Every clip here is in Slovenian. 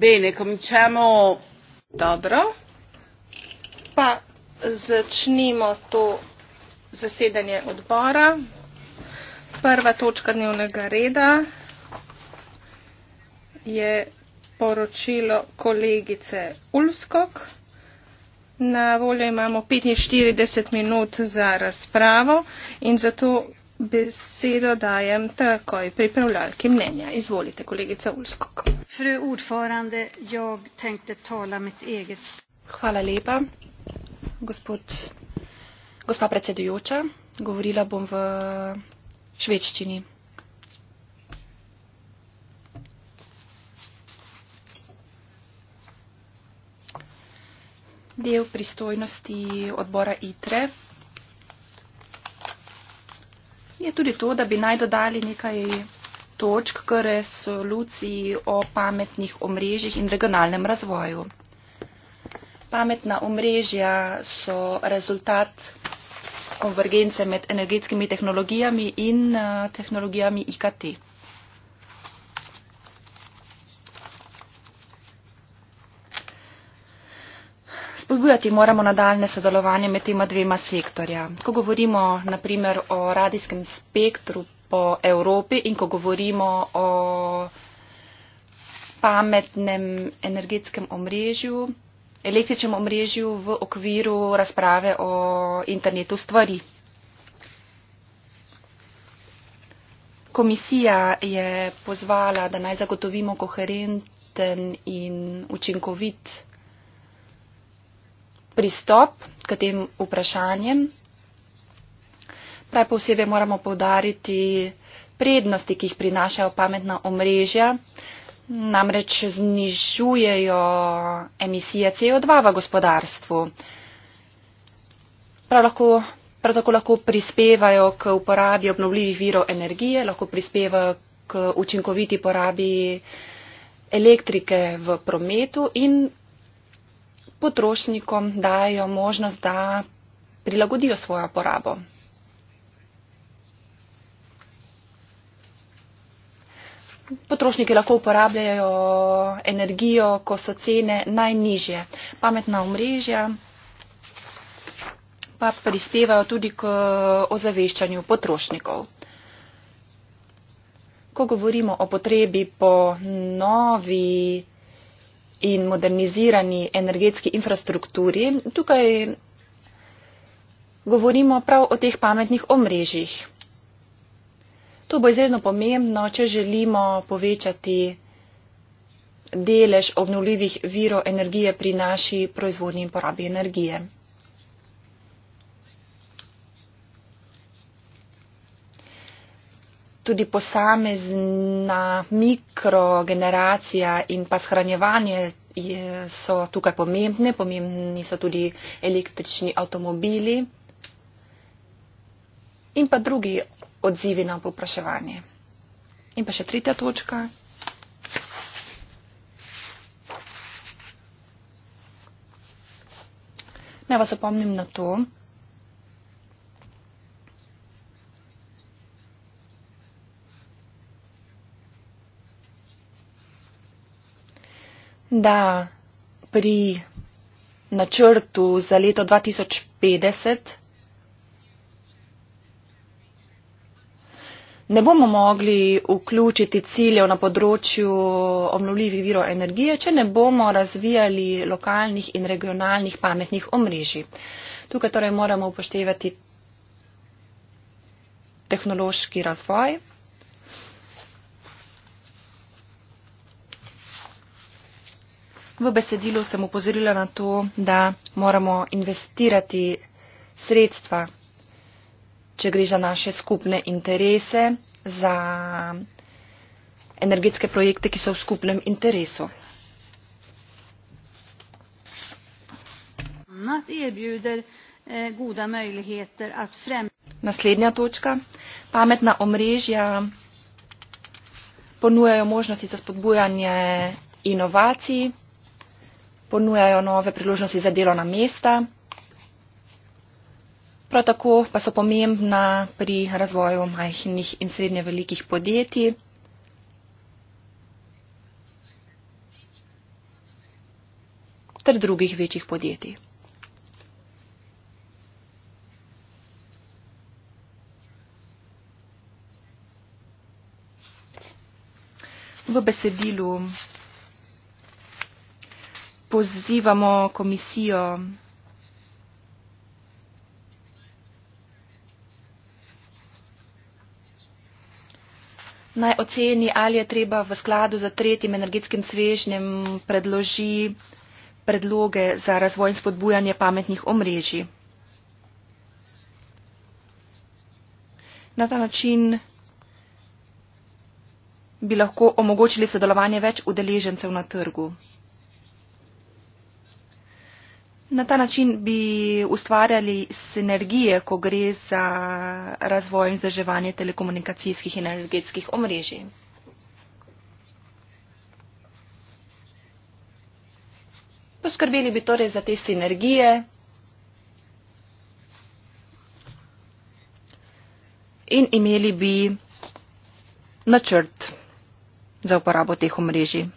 Bene, cominciamo. Dobro. Pa začnimo to zasedanje odbora. Prva točka dnevnega reda je poročilo kolegice Ulskog. Na voljo imamo 45 minut za razpravo in zato besedo dajem takoj pripravljalki mnenja. Izvolite, kolegica Ulskog. Fru ordförande, jag tänkte tala mitt eget Hvala lepa, gospod, gospa predsedujoča. Govorila bom v švedščini. Del pristojnosti odbora ITRE je tudi to, da bi naj dodali nekaj točk k resoluciji o pametnih omrežjih in regionalnem razvoju. Pametna omrežja so rezultat konvergence med energetskimi tehnologijami in eh, tehnologijami IKT. Spodbujati moramo nadaljne sodelovanje med tema dvema sektorja. Ko govorimo naprimer o radijskem spektru po Evropi in ko govorimo o pametnem energetskem omrežju, električnem omrežju v okviru razprave o internetu stvari. Komisija je pozvala, da naj zagotovimo koherenten in učinkovit pristop k tem vprašanjem prav posebej moramo povdariti prednosti, ki jih prinašajo pametna omrežja. Namreč znižujejo emisije CO2 v gospodarstvu. Prav, lahko, prav tako lahko prispevajo k uporabi obnovljivih virov energije, lahko prispevajo k učinkoviti porabi elektrike v prometu in potrošnikom dajo možnost, da prilagodijo svojo porabo. potrošniki lahko uporabljajo energijo, ko so cene najnižje. Pametna omrežja pa prispevajo tudi k ozaveščanju potrošnikov. Ko govorimo o potrebi po novi in modernizirani energetski infrastrukturi, tukaj govorimo prav o teh pametnih omrežjih. To bo izredno pomembno, če želimo povečati delež obnovljivih virov energije pri naši proizvodnji in porabi energije. Tudi posamezna mikrogeneracija in pa shranjevanje je, so tukaj pomembne, pomembni so tudi električni avtomobili in pa drugi odzivi na popraševanje. In pa še tretja točka. Naj vas opomnim na to, da pri načrtu za leto 2050 ne bomo mogli vključiti ciljev na področju obnovljivih virov energije, če ne bomo razvijali lokalnih in regionalnih pametnih omrežij. Tukaj torej moramo upoštevati tehnološki razvoj. V besedilu sem upozorila na to, da moramo investirati sredstva če gre za naše skupne interese, za energetske projekte, ki so v skupnem interesu. Eh, Naslednja točka. Pametna omrežja ponujajo možnosti za spodbujanje inovacij, ponujajo nove priložnosti za delo na mesta. Prav tako pa so pomembna pri razvoju majhnih in srednje velikih podjetij. ter drugih večjih podjetij. V besedilu pozivamo komisijo naj oceni, ali je treba v skladu z tretjim energetskim svežnjem predloži predloge za razvoj in spodbujanje pametnih omrežij. Na ta način bi lahko omogočili sodelovanje več udeležencev na trgu. Na ta način bi ustvarjali sinergije, ko gre za razvoj in zdrževanje telekomunikacijskih in energetskih omrežij. Poskrbeli bi torej za te sinergije in imeli bi načrt za uporabo teh omrežij.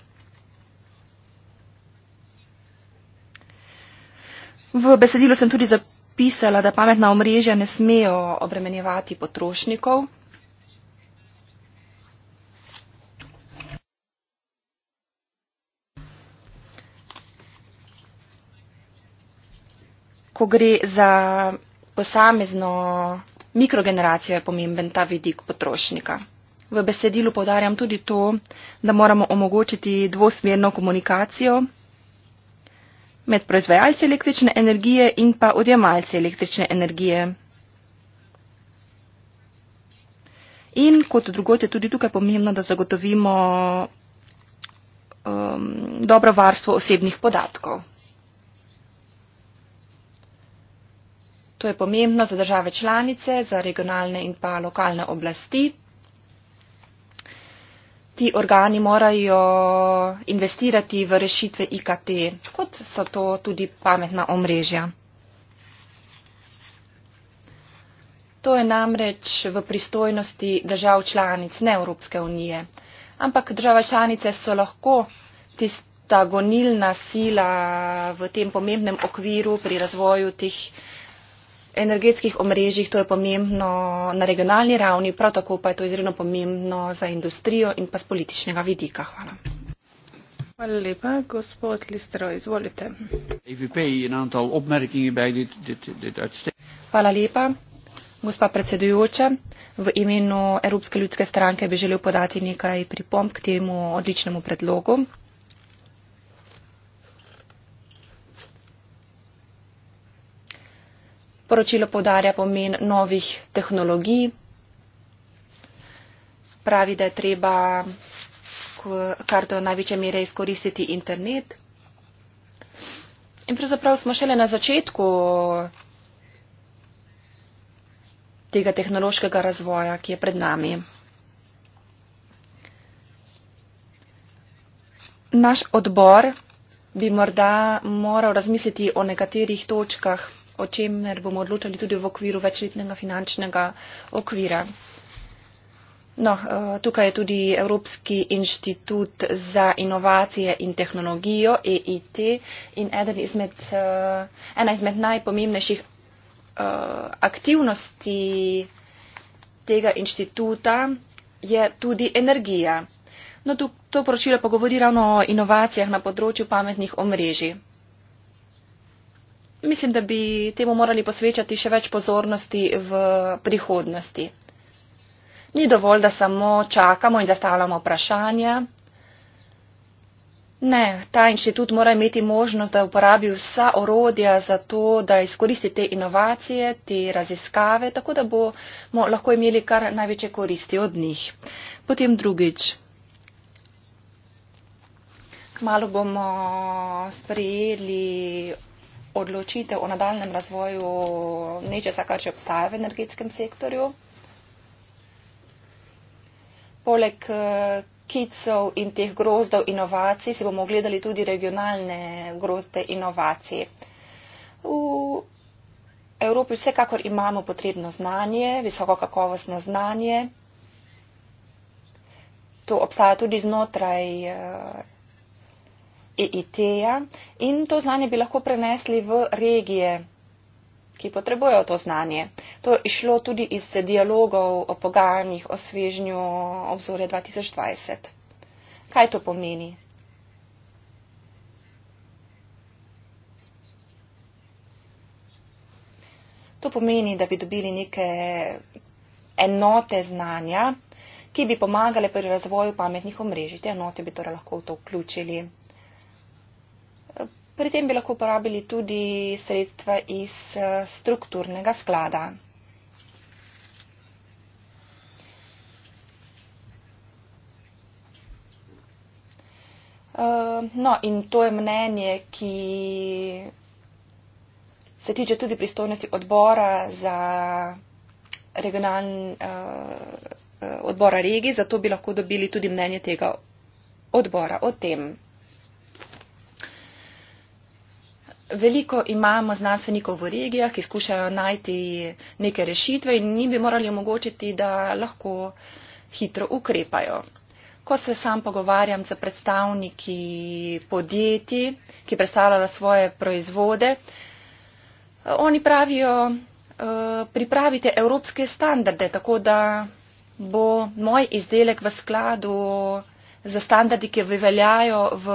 V besedilu sem tudi zapisala, da pametna omrežja ne smejo obremenjevati potrošnikov. Ko gre za posamezno mikrogeneracijo, je pomemben ta vidik potrošnika. V besedilu podarjam tudi to, da moramo omogočiti dvosmerno komunikacijo med proizvajalci električne energije in pa odjemalci električne energije. In kot drugot je tudi tukaj pomembno, da zagotovimo um, dobro varstvo osebnih podatkov. To je pomembno za države članice, za regionalne in pa lokalne oblasti ti organi morajo investirati v rešitve IKT, kot so to tudi pametna omrežja. To je namreč v pristojnosti držav članic, ne Evropske unije. Ampak države članice so lahko tista gonilna sila v tem pomembnem okviru pri razvoju teh energetskih omrežjih, to je pomembno na regionalni ravni, prav tako pa je to izredno pomembno za industrijo in pa z političnega vidika. Hvala. Hvala lepa, gospod Listero, izvolite. E Hvala lepa, gospa predsedujoča. V imenu Evropske ljudske stranke bi želel podati nekaj pripomp k temu odličnemu predlogu. Poročilo povdarja pomen novih tehnologij. Pravi, da je treba kar do največje mere izkoristiti internet. In pravzaprav smo šele na začetku tega tehnološkega razvoja, ki je pred nami. Naš odbor bi morda moral razmisliti o nekaterih točkah o čem bomo odločali tudi v okviru večletnega finančnega okvira. No, eh, tukaj je tudi Evropski inštitut za inovacije in tehnologijo, EIT, in eden izmed, eh, ena izmed najpomembnejših eh, aktivnosti tega inštituta je tudi energija. No, to poročilo pa govori ravno o inovacijah na področju pametnih omrežij mislim, da bi temu morali posvečati še več pozornosti v prihodnosti. Ni dovolj, da samo čakamo in zastavljamo vprašanja. Ne, ta inštitut mora imeti možnost, da uporabi vsa orodja za to, da izkoristi te inovacije, te raziskave, tako da bomo lahko imeli kar največje koristi od njih. Potem drugič. Kmalo bomo sprejeli odločitev o nadaljem razvoju nečesa, kar že obstaja v energetskem sektorju. Poleg eh, kicov in teh grozdov inovacij si bomo ogledali tudi regionalne grozde inovacij. V Evropi vsekakor imamo potrebno znanje, visoko kakovostno znanje. To obstaja tudi znotraj eh, EIT-ja in to znanje bi lahko prenesli v regije, ki potrebujejo to znanje. To je išlo tudi iz dialogov o pogajanjih o svežnju obzore 2020. Kaj to pomeni? To pomeni, da bi dobili neke enote znanja, ki bi pomagale pri razvoju pametnih omrežij. Te enote bi torej lahko v to vključili. Pri tem bi lahko uporabili tudi sredstva iz eh, strukturnega sklada. Eh, no, in to je mnenje, ki se tiče tudi pristojnosti odbora za regionalni eh, odbora regij, zato bi lahko dobili tudi mnenje tega odbora o tem. veliko imamo znanstvenikov v regijah, ki skušajo najti neke rešitve in njim bi morali omogočiti, da lahko hitro ukrepajo. Ko se sam pogovarjam z predstavniki podjetij, ki predstavljajo svoje proizvode, oni pravijo, e, pripravite evropske standarde, tako da bo moj izdelek v skladu za standardi, ki veljajo v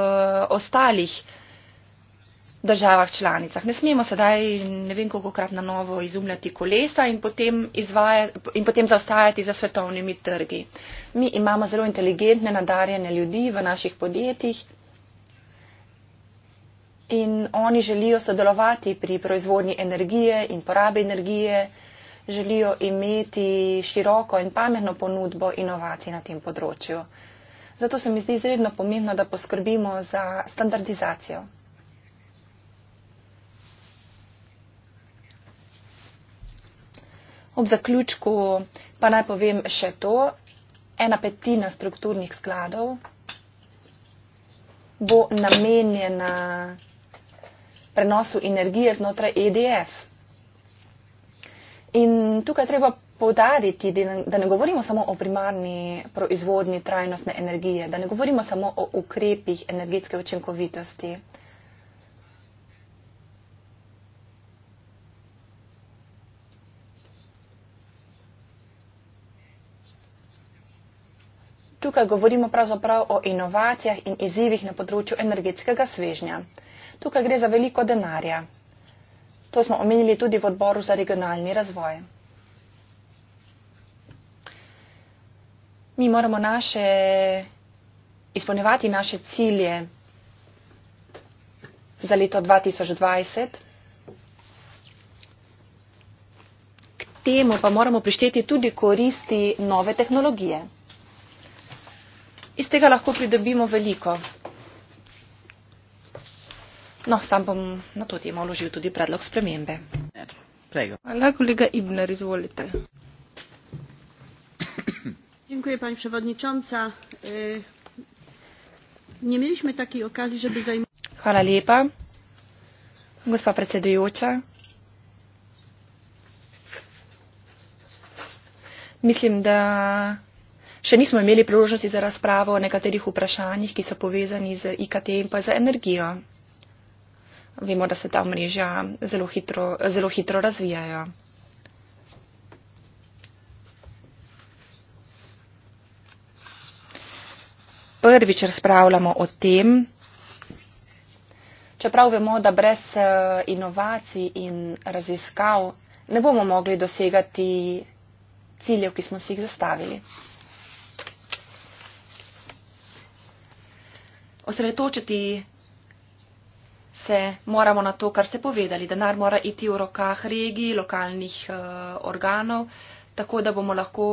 ostalih državah članicah. Ne smemo sedaj ne vem koliko krat na novo izumljati kolesa in potem, izvaja, in potem zaostajati za svetovnimi trgi. Mi imamo zelo inteligentne, nadarjene ljudi v naših podjetjih in oni želijo sodelovati pri proizvodnji energije in porabi energije, želijo imeti široko in pametno ponudbo inovacij na tem področju. Zato se mi zdi izredno pomembno, da poskrbimo za standardizacijo. Ob zaključku pa naj povem še to. Ena petina strukturnih skladov bo namenjena prenosu energije znotraj EDF. In tukaj treba povdariti, da ne govorimo samo o primarni proizvodnji trajnostne energije, da ne govorimo samo o ukrepih energetske učinkovitosti, Tukaj govorimo pravzaprav o inovacijah in izzivih na področju energetskega svežnja. Tukaj gre za veliko denarja. To smo omenili tudi v odboru za regionalni razvoj. Mi moramo naše, izpolnjevati naše cilje za leto 2020. K temu pa moramo prišteti tudi koristi nove tehnologije iz tega lahko pridobimo veliko. No, sam bom na to temo vložil tudi predlog spremembe. Hvala, kolega Ibner, izvolite. Dziękuję Pani Przewodnicząca. E, nie mieliśmy takiej okazji, żeby zajmować się. Hvala lepa, gospa predsedujoča. Myślę, że. Da še nismo imeli priložnosti za razpravo o nekaterih vprašanjih, ki so povezani z IKT in pa z energijo. Vemo, da se ta mrežja zelo hitro, zelo hitro razvijajo. Prvič razpravljamo o tem, čeprav vemo, da brez eh, inovacij in raziskav ne bomo mogli dosegati ciljev, ki smo si jih zastavili. osredotočiti se moramo na to, kar ste povedali. Denar mora iti v rokah regij, lokalnih uh, organov, tako da bomo lahko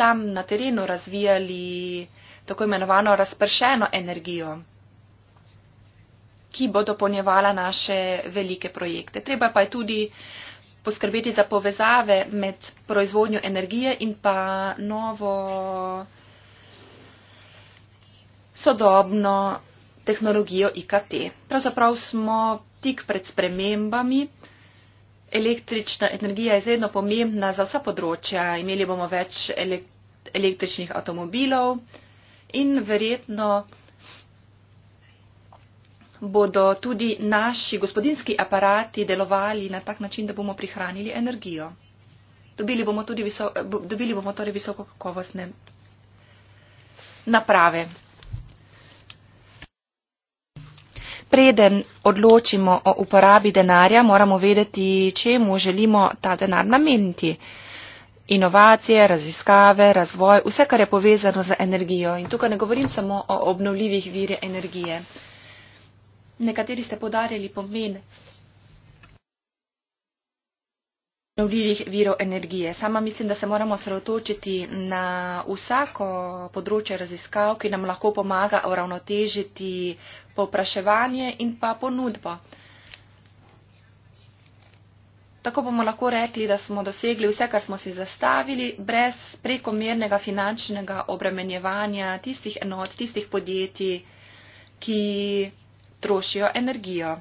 tam na terenu razvijali tako imenovano razpršeno energijo, ki bo dopolnjevala naše velike projekte. Treba pa je tudi poskrbeti za povezave med proizvodnjo energije in pa novo sodobno tehnologijo IKT. Pravzaprav smo tik pred spremembami. Električna energija je izredno pomembna za vsa področja. Imeli bomo več električnih avtomobilov in verjetno bodo tudi naši gospodinski aparati delovali na tak način, da bomo prihranili energijo. Dobili bomo, tudi visoko, dobili bomo torej visokokakovostne naprave. preden odločimo o uporabi denarja, moramo vedeti, čemu želimo ta denar nameniti. Inovacije, raziskave, razvoj, vse, kar je povezano z energijo. In tukaj ne govorim samo o obnovljivih vire energije. Nekateri ste podarili pomen obnovljivih virov energije. Sama mislim, da se moramo sredotočiti na vsako področje raziskav, ki nam lahko pomaga uravnotežiti povpraševanje in pa ponudbo. Tako bomo lahko rekli, da smo dosegli vse, kar smo si zastavili, brez prekomernega finančnega obremenjevanja tistih enot, tistih podjetij, ki trošijo energijo.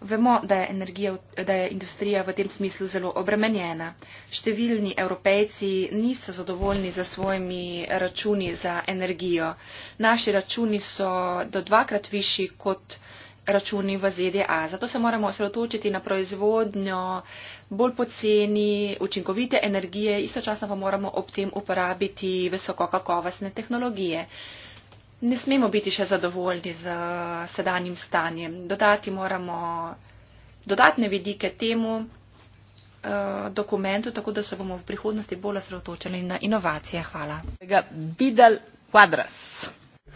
Vemo, da je, energija, da je industrija v tem smislu zelo obremenjena. Številni evropejci niso zadovoljni za svojimi računi za energijo. Naši računi so do dvakrat višji kot računi v ZDA. Zato se moramo osredotočiti na proizvodnjo bolj poceni, učinkovite energije, istočasno pa moramo ob tem uporabiti visokokakovostne tehnologije ne smemo biti še zadovoljni z eh, sedanjim stanjem. Dodati moramo dodatne vidike temu uh, dokumentu, tako da se bomo v prihodnosti bolj osredotočili na inovacije. Hvala.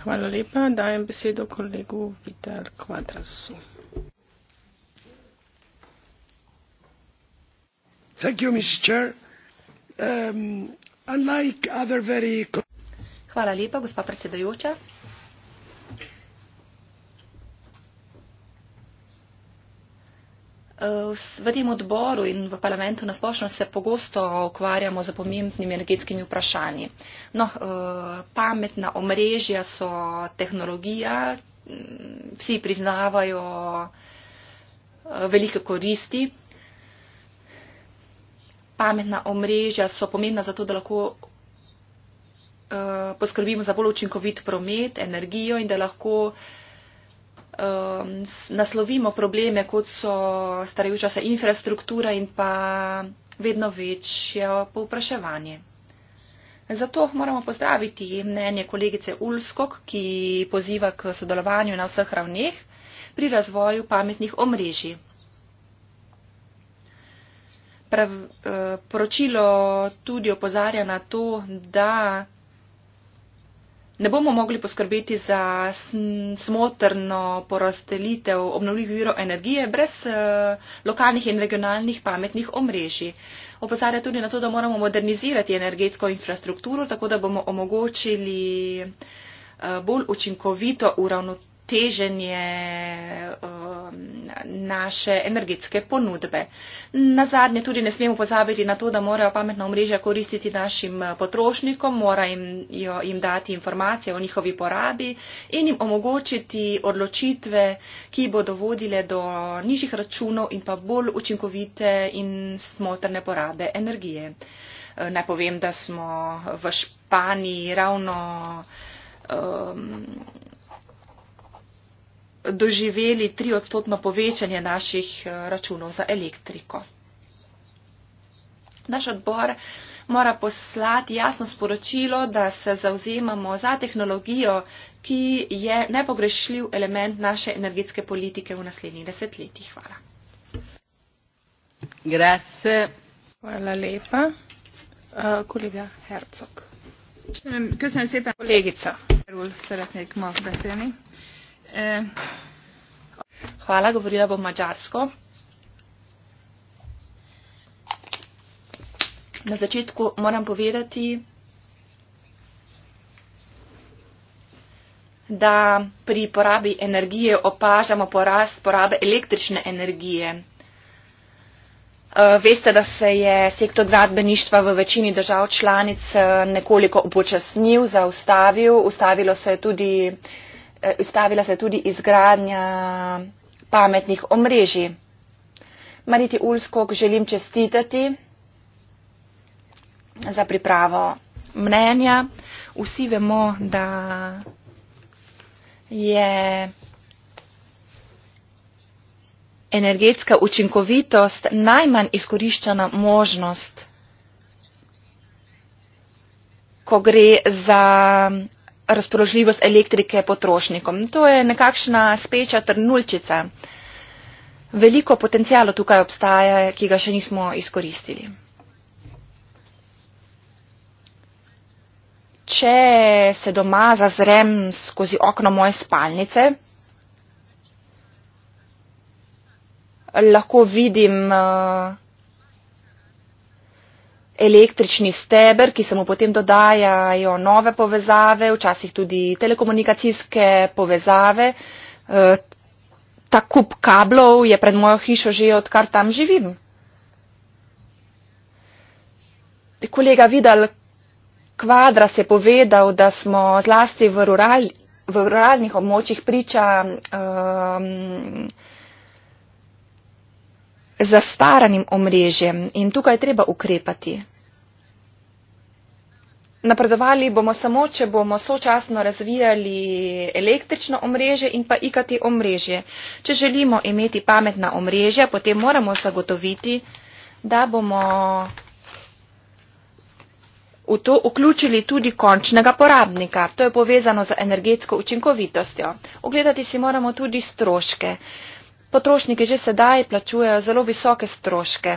Hvala lepa. Dajem besedo kolegu Vidal Kvadrasu. Um, Hvala lepa, gospa predsedajoča. V tem odboru in v parlamentu nasplošno se pogosto ukvarjamo z pomembnimi energetskimi vprašanji. No, eh, pametna omrežja so tehnologija, mm, vsi priznavajo eh, velike koristi. Pametna omrežja so pomembna zato, da lahko eh, poskrbimo za bolj učinkovit promet, energijo in da lahko Um, naslovimo probleme, kot so starajuča se infrastruktura in pa vedno večje povpraševanje. Zato moramo pozdraviti mnenje kolegice Ulskog, ki poziva k sodelovanju na vseh ravneh pri razvoju pametnih omrežij. Prav, eh, poročilo tudi opozarja na to, da ne bomo mogli poskrbeti za smotrno porastelitev obnovljivih virov energije brez eh, lokalnih in regionalnih pametnih omrežij. Opozarja tudi na to, da moramo modernizirati energetsko infrastrukturo, tako da bomo omogočili eh, bolj učinkovito uravnoteženje eh, Um, naše energetske ponudbe. Na zadnje tudi ne smemo pozabiti na to, da morajo pametna omrežja koristiti našim uh, potrošnikom, mora jim, jo, jim dati informacije o njihovi porabi in jim omogočiti odločitve, ki bodo vodile do nižjih računov in pa bolj učinkovite in smotrne porabe energije. Uh, naj povem, da smo v Španiji ravno um, doživeli tri odstotno povečanje naših eh, računov za elektriko. Naš odbor mora poslati jasno sporočilo, da se zauzemamo za tehnologijo, ki je nepogrešljiv element naše energetske politike v naslednjih desetletjih. Hvala. Grazie. Hvala lepa. Uh, kolega Herzog. Köszönöm szépen, kollégica. Erről szeretnék ma beszélni. Eh, hvala, govorila bom mačarsko. Na začetku moram povedati, da pri porabi energije opažamo porast porabe električne energije. Eh, veste, da se je sektor gradbeništva v večini držav članic eh, nekoliko upočasnil, zaustavil, ustavilo se je tudi. Eh, ustavila se je tudi izgradnja pametnih omrežij. Mariti Ulskog želim čestitati za pripravo mnenja. Vsi vemo, da je energetska učinkovitost najmanj izkoriščena možnost, ko gre za razpoložljivost elektrike potrošnikom. To je nekakšna speča trnulčica. Veliko potencijalo tukaj obstaja, ki ga še nismo izkoristili. Če se doma zazrem skozi okno moje spalnice, lahko vidim uh, električni steber, ki se mu potem dodajajo nove povezave, včasih tudi telekomunikacijske povezave. E, ta kup kablov je pred mojo hišo že odkar tam živim. Kolega Vidal Kvadra se je povedal, da smo zlasti v, rural, v ruralnih območjih priča um, zastaranim omrežjem in tukaj treba ukrepati napredovali bomo samo, če bomo sočasno razvijali električno omrežje in pa IKT omrežje. Če želimo imeti pametna omrežja, potem moramo zagotoviti, da bomo v to vključili tudi končnega porabnika. To je povezano z energetsko učinkovitostjo. Ogledati si moramo tudi stroške. Potrošniki že sedaj plačujejo zelo visoke stroške.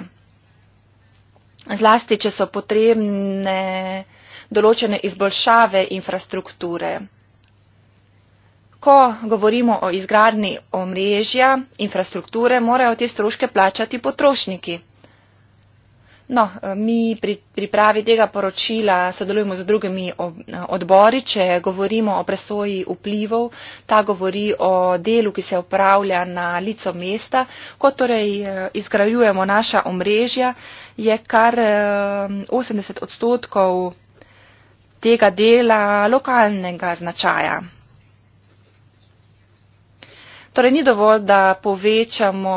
Zlasti, če so potrebne določene izboljšave infrastrukture. Ko govorimo o izgradni omrežja infrastrukture, morajo te stroške plačati potrošniki. No, mi pri pripravi tega poročila sodelujemo z drugimi odbori, če govorimo o presoji vplivov, ta govori o delu, ki se upravlja na lico mesta, ko torej eh, izgrajujemo naša omrežja, je kar 80 eh, odstotkov tega dela lokalnega značaja. Torej ni dovolj, da povečamo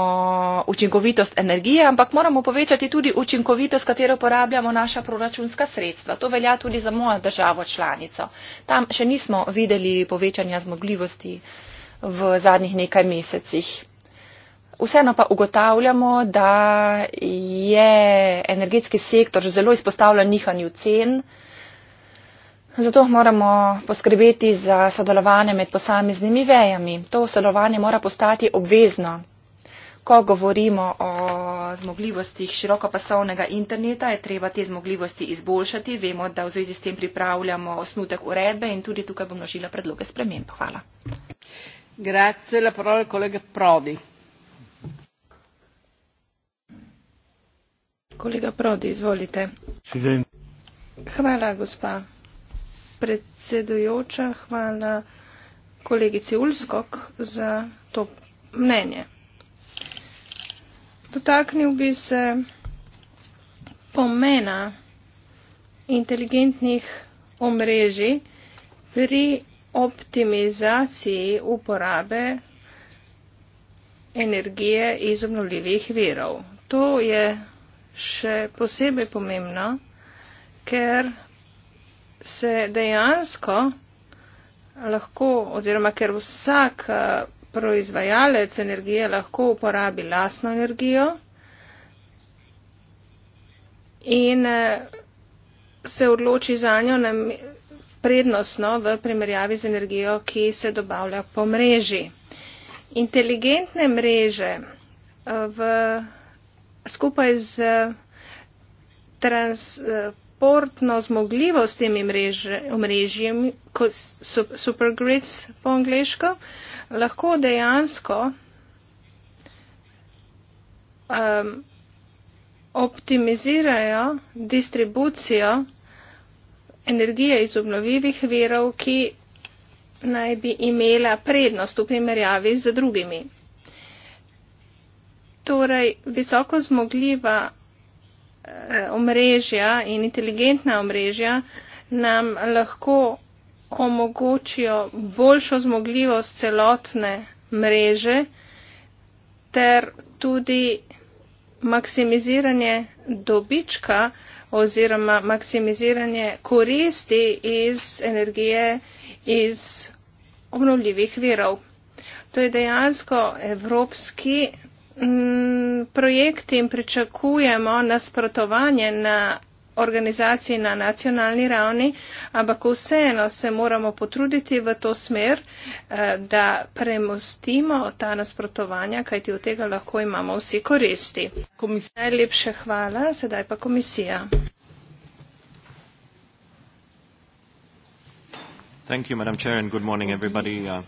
učinkovitost energije, ampak moramo povečati tudi učinkovitost, katero porabljamo naša proračunska sredstva. To velja tudi za mojo državo članico. Tam še nismo videli povečanja zmogljivosti v zadnjih nekaj mesecih. Vseeno pa ugotavljamo, da je energetski sektor zelo izpostavljen nihanju cen. Zato moramo poskrbeti za sodelovanje med posameznimi vejami. To sodelovanje mora postati obvezno. Ko govorimo o zmogljivostih širokopasovnega interneta, je treba te zmogljivosti izboljšati. Vemo, da v zvezi s tem pripravljamo osnutek uredbe in tudi tukaj bom nožila predloge sprememb. Hvala. Grazie, la parola al collega Prodi. Kolega Prodi, izvolite. Hvala, gospa predsedujoča, hvala kolegici Ulskok za to mnenje. Dotaknil bi se pomena inteligentnih omrežij pri optimizaciji uporabe energije iz obnovljivih virov. To je še posebej pomembno, ker se dejansko lahko, oziroma ker vsak eh, proizvajalec energije lahko uporabi lasno energijo in eh, se odloči za njo prednostno v primerjavi z energijo, ki se dobavlja po mreži. Inteligentne mreže eh, v, skupaj z trans, transportno zmogljivost s temi omrežjem, supergrids po angliško, lahko dejansko um, optimizirajo distribucijo energije iz obnovljivih verov, ki naj bi imela prednost v primerjavi z drugimi. Torej, visoko zmogljiva Eh, omrežja in inteligentna omrežja nam lahko omogočijo boljšo zmogljivost celotne mreže ter tudi maksimiziranje dobička oziroma maksimiziranje koristi iz energije iz obnovljivih virov. To je dejansko evropski projekti in pričakujemo nasprotovanje na organizaciji na nacionalni ravni, ampak vseeno se moramo potruditi v to smer, eh, da premostimo ta nasprotovanja, kajti od tega lahko imamo vsi koristi. Komisija. Najlepše hvala, sedaj pa komisija. Uh,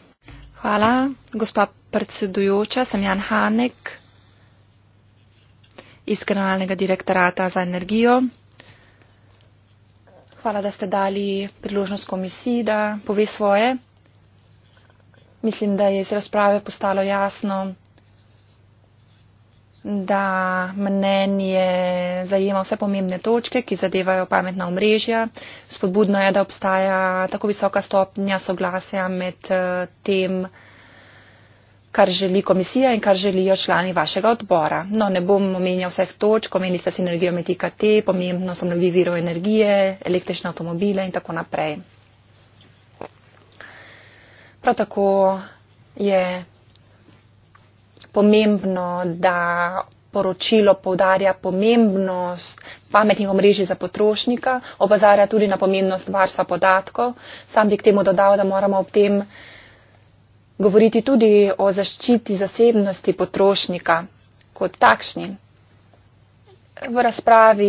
hvala, gospa predsedujoča, sem Jan Hanek iz Generalnega direktorata za energijo. Hvala, da ste dali priložnost komisiji, da pove svoje. Mislim, da je iz razprave postalo jasno, da mnenje zajema vse pomembne točke, ki zadevajo pametna omrežja. Spodbudno je, da obstaja tako visoka stopnja soglasja med eh, tem, kar želi komisija in kar želijo člani vašega odbora. No, ne bom omenjal vseh točk, omenili ste sinergijo med IKT, pomembno so novi viro energije, električne avtomobile in tako naprej. Prav tako je pomembno, da poročilo povdarja pomembnost pametnih omrežij za potrošnika, opozarja tudi na pomembnost varstva podatkov. Sam bi k temu dodal, da moramo ob tem govoriti tudi o zaščiti zasebnosti potrošnika kot takšni. V razpravi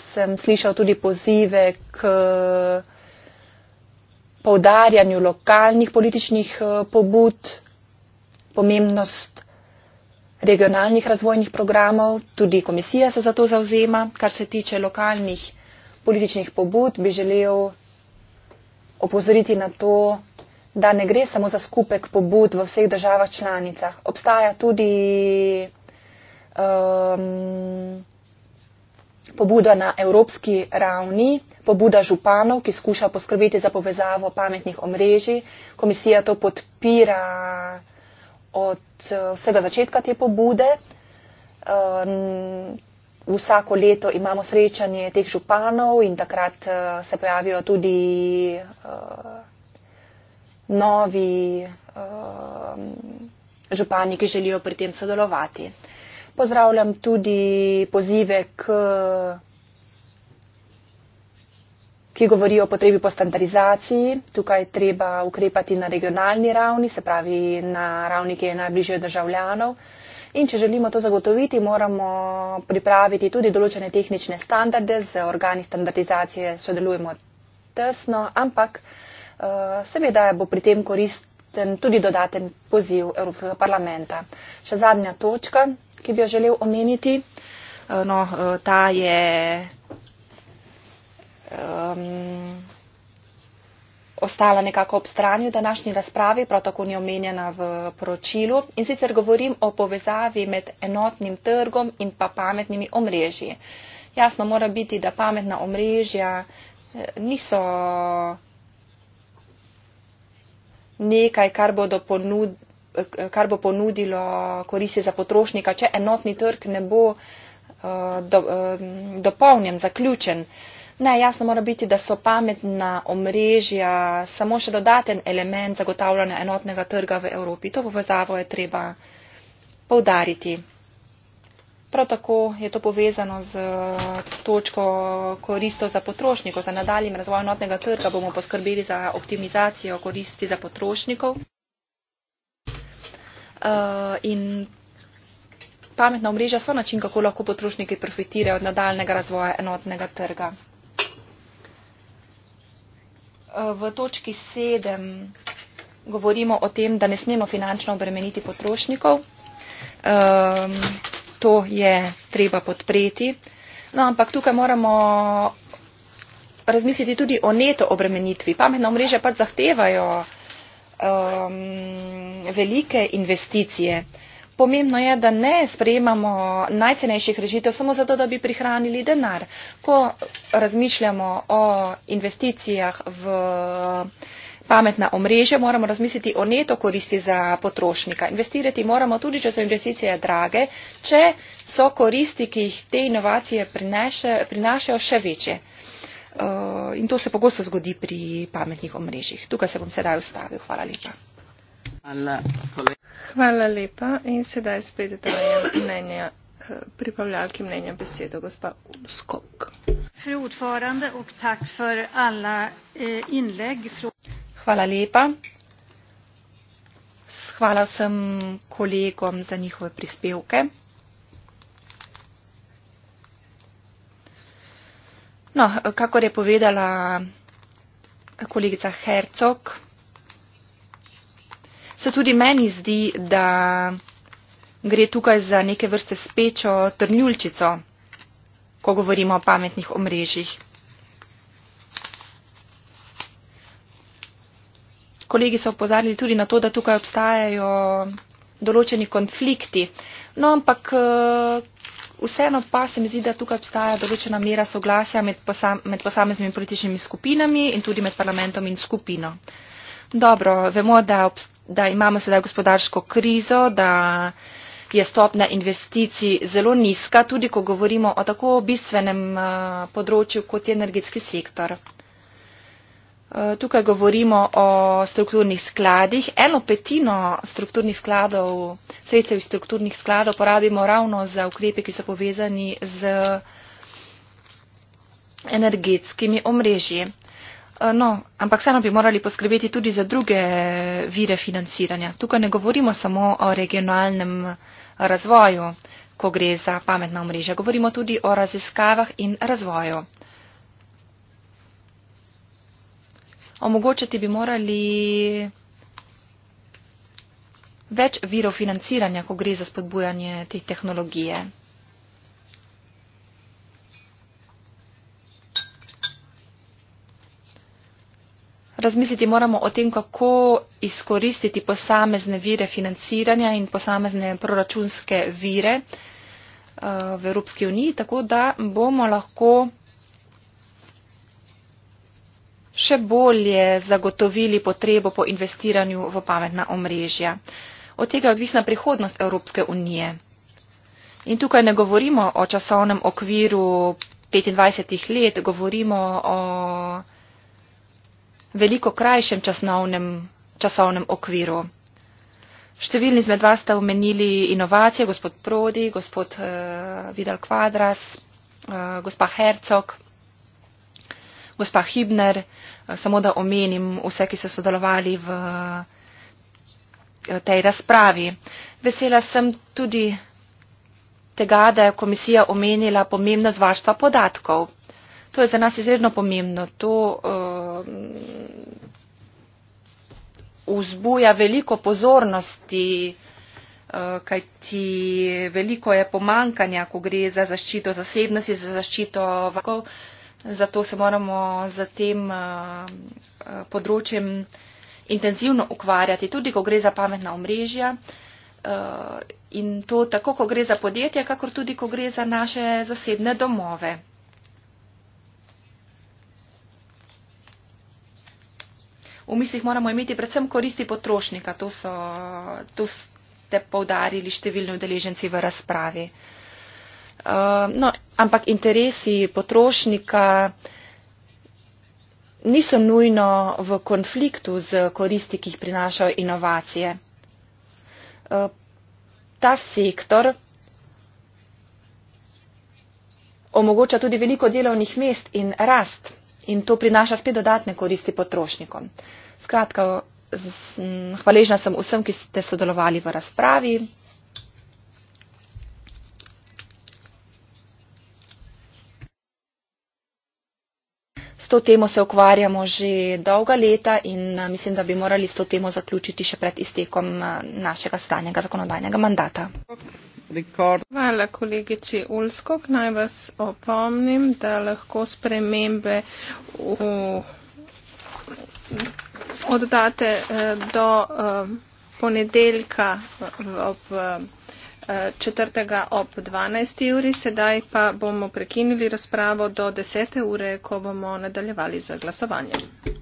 sem slišal tudi pozive k povdarjanju lokalnih političnih eh, pobud, pomembnost regionalnih razvojnih programov, tudi komisija se za to zauzema. Kar se tiče lokalnih političnih pobud, bi želel opozoriti na to, da ne gre samo za skupek pobud v vseh državah članicah. Obstaja tudi um, pobuda na evropski ravni, pobuda županov, ki skuša poskrbeti za povezavo pametnih omrežij. Komisija to podpira od eh, vsega začetka te pobude. Um, Vsako leto imamo srečanje teh županov in takrat uh, se pojavijo tudi uh, novi um, župani, ki želijo pri tem sodelovati. Pozdravljam tudi pozive, k, ki govorijo o potrebi po standardizaciji. Tukaj treba ukrepati na regionalni ravni, se pravi na ravni, ki je najbližje državljanov. In če želimo to zagotoviti, moramo pripraviti tudi določene tehnične standarde. Z organi standardizacije sodelujemo tesno, ampak Eh, seveda bo pri tem koristen tudi dodaten poziv Evropskega parlamenta. Še zadnja točka, ki bi jo želel omeniti, eh, no, eh, ta je. Um, ostala nekako ob strani v današnji razpravi, prav tako ni omenjena v poročilu. In sicer govorim o povezavi med enotnim trgom in pa pametnimi omrežji. Jasno mora biti, da pametna omrežja niso nekaj, kar, ponud, kar bo ponudilo koristi za potrošnika, če enotni trg ne bo eh, do, eh, dopolnjen, zaključen. Ne, jasno mora biti, da so pametna omrežja samo še dodaten element zagotavljanja enotnega trga v Evropi. To povezavo je treba poudariti. Prav tako je to povezano z eh, točko koristov za potrošnikov. Za nadaljem razvoj notnega trga bomo poskrbeli za optimizacijo koristi za potrošnikov. Eh, in pametna omrežja so način, kako lahko potrošniki profitirajo od nadaljnega razvoja enotnega trga. Eh, v točki 7 govorimo o tem, da ne smemo finančno obremeniti potrošnikov. Ehm, to je treba podpreti. No, ampak tukaj moramo razmisliti tudi o neto obremenitvi. Pametna omrežja pa zahtevajo um, velike investicije. Pomembno je, da ne sprejemamo najcenejših rešitev samo zato, da bi prihranili denar. Ko razmišljamo o investicijah v pametna omrežja moramo razmisliti o neto koristi za potrošnika investirati moramo tudi če so investicije drage če so koristi ki jih te inovacije prinašajo, prinašajo še večje uh, in to se pogosto zgodi pri pametnih omrežjih tukaj se bom sedaj ustavil hvala lepa hvala, hvala lepa in sedaj spet dajem mnenje eh, pripravljalki mnenja besedo gospa Skok. Fru odforande, tak for alla, eh, inlegg, fru... Hvala lepa. Hvala vsem kolegom za njihove prispevke. No, kakor je povedala kolegica Hercog, se tudi meni zdi, da gre tukaj za neke vrste spečo trnjulčico, ko govorimo o pametnih omrežjih. kolegi so opozarjali tudi na to, da tukaj obstajajo določeni konflikti. No, ampak eh, vseeno pa se mi zdi, da tukaj obstaja določena mera soglasja med, posam, med posameznimi političnimi skupinami in tudi med parlamentom in skupino. Dobro, vemo, da, da imamo sedaj gospodarsko krizo, da je stopna investicij zelo nizka, tudi ko govorimo o tako bistvenem uh, področju kot je energetski sektor. Tukaj govorimo o strukturnih skladih. Eno petino strukturnih skladov, sredstev iz strukturnih skladov porabimo ravno za ukrepe, ki so povezani z energetskimi omrežji. Eh, no, ampak vseeno bi morali poskrbeti tudi za druge vire financiranja. Tukaj ne govorimo samo o regionalnem razvoju, ko gre za pametna omrežja. Govorimo tudi o raziskavah in razvoju. Omogočati bi morali več virov financiranja, ko gre za spodbujanje te tehnologije. Razmisliti moramo o tem, kako izkoristiti posamezne vire financiranja in posamezne proračunske vire eh, v Evropski uniji, tako da bomo lahko še bolje zagotovili potrebo po investiranju v pametna omrežja. Od tega je odvisna prihodnost Evropske unije. In tukaj ne govorimo o časovnem okviru 25 let, govorimo o veliko krajšem časovnem, časovnem okviru. Številni izmed vas sta omenili inovacije, gospod Prodi, gospod uh, Vidal Kvadras, uh, eh, gospa Hercog gospa Hibner, eh, samo da omenim vse, ki so sodelovali v eh, tej razpravi. Vesela sem tudi tega, da je komisija omenila pomembnost varstva podatkov. To je za nas izredno pomembno. To eh, vzbuja uh, veliko pozornosti, uh, kajti veliko je pomankanja, ko gre za zaščito zasebnosti, za zaščito varstva podatkov. Zato se moramo z tem eh, eh, področjem intenzivno ukvarjati, tudi ko gre za pametna omrežja eh, in to tako, ko gre za podjetja, kakor tudi, ko gre za naše zasebne domove. V mislih moramo imeti predvsem koristi potrošnika, to, so, to ste poudarili številni udeleženci v razpravi. Eh, no, ampak interesi potrošnika niso nujno v konfliktu z koristi, ki jih prinašajo inovacije. Eh, ta sektor omogoča tudi veliko delovnih mest in rast in to prinaša spet dodatne koristi potrošnikom. Skratka, hvaležna sem vsem, ki ste sodelovali v razpravi. to temo se ukvarjamo že dolga leta in eh, mislim, da bi morali s to temo zaključiti še pred iztekom eh, našega stanjega zakonodajnega mandata. Hvala kolegici Ulskog. Naj vas opomnim, da lahko spremembe v... oddate eh, do ponedeljka ob četrtega ob 12. uri, sedaj pa bomo prekinili razpravo do 10. ure, ko bomo nadaljevali z glasovanjem.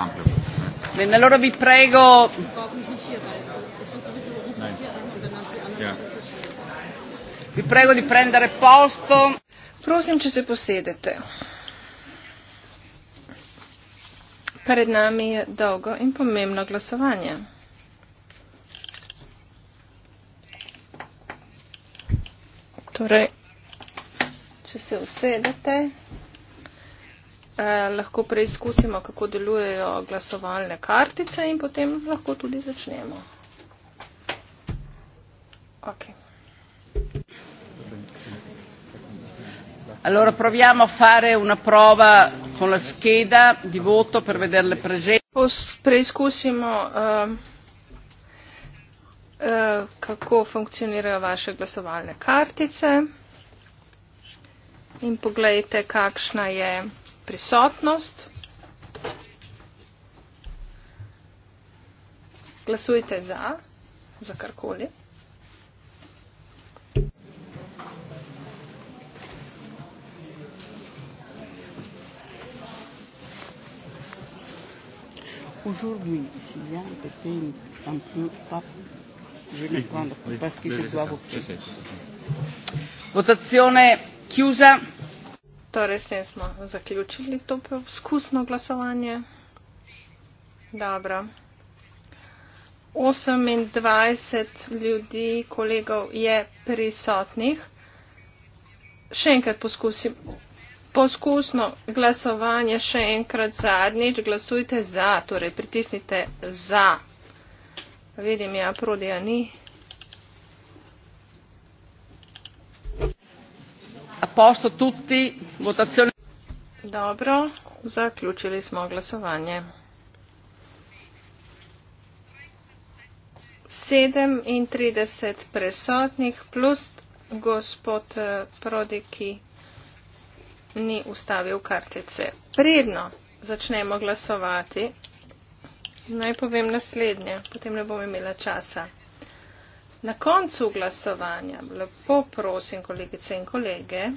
esempio. Bene, allora vi prego. Vi prego di prendere posto. Prosim, ci si possiedete. Pred nami je dolgo in pomembno glasovanje. Torej, če se usedete. Eh, lahko preizkusimo, kako delujejo glasovalne kartice in potem lahko tudi začnemo. Ok. Allora proviamo a fare una prova con la scheda di voto per vedere le presenze. Preiscusimo uh, ehm, eh, uh, kako funzionirajo vaše glasovalne kartice in poglejte kakšna je prisotnost. Glasujte za, za karkoli. Aujourd'hui, s'il y a un peu un peu pas, je vais le prendre parce que je dois vous. Votazione chiusa. Torej, s tem smo zaključili to poskusno glasovanje. Dobro. 28 ljudi, kolegov je prisotnih. Še enkrat poskusim. Poskusno glasovanje, še enkrat zadnjič, glasujte za, torej pritisnite za. Vidim, ja, prodija ni. A posto tutti votazione. Dobro, zaključili smo glasovanje. 37 presotnih plus gospod eh, Prodi, ki ni ustavil kartice. Predno začnemo glasovati. Naj povem naslednje, potem ne bom imela časa. Na koncu glasovanja, lepo prosim, kolegice in kolege,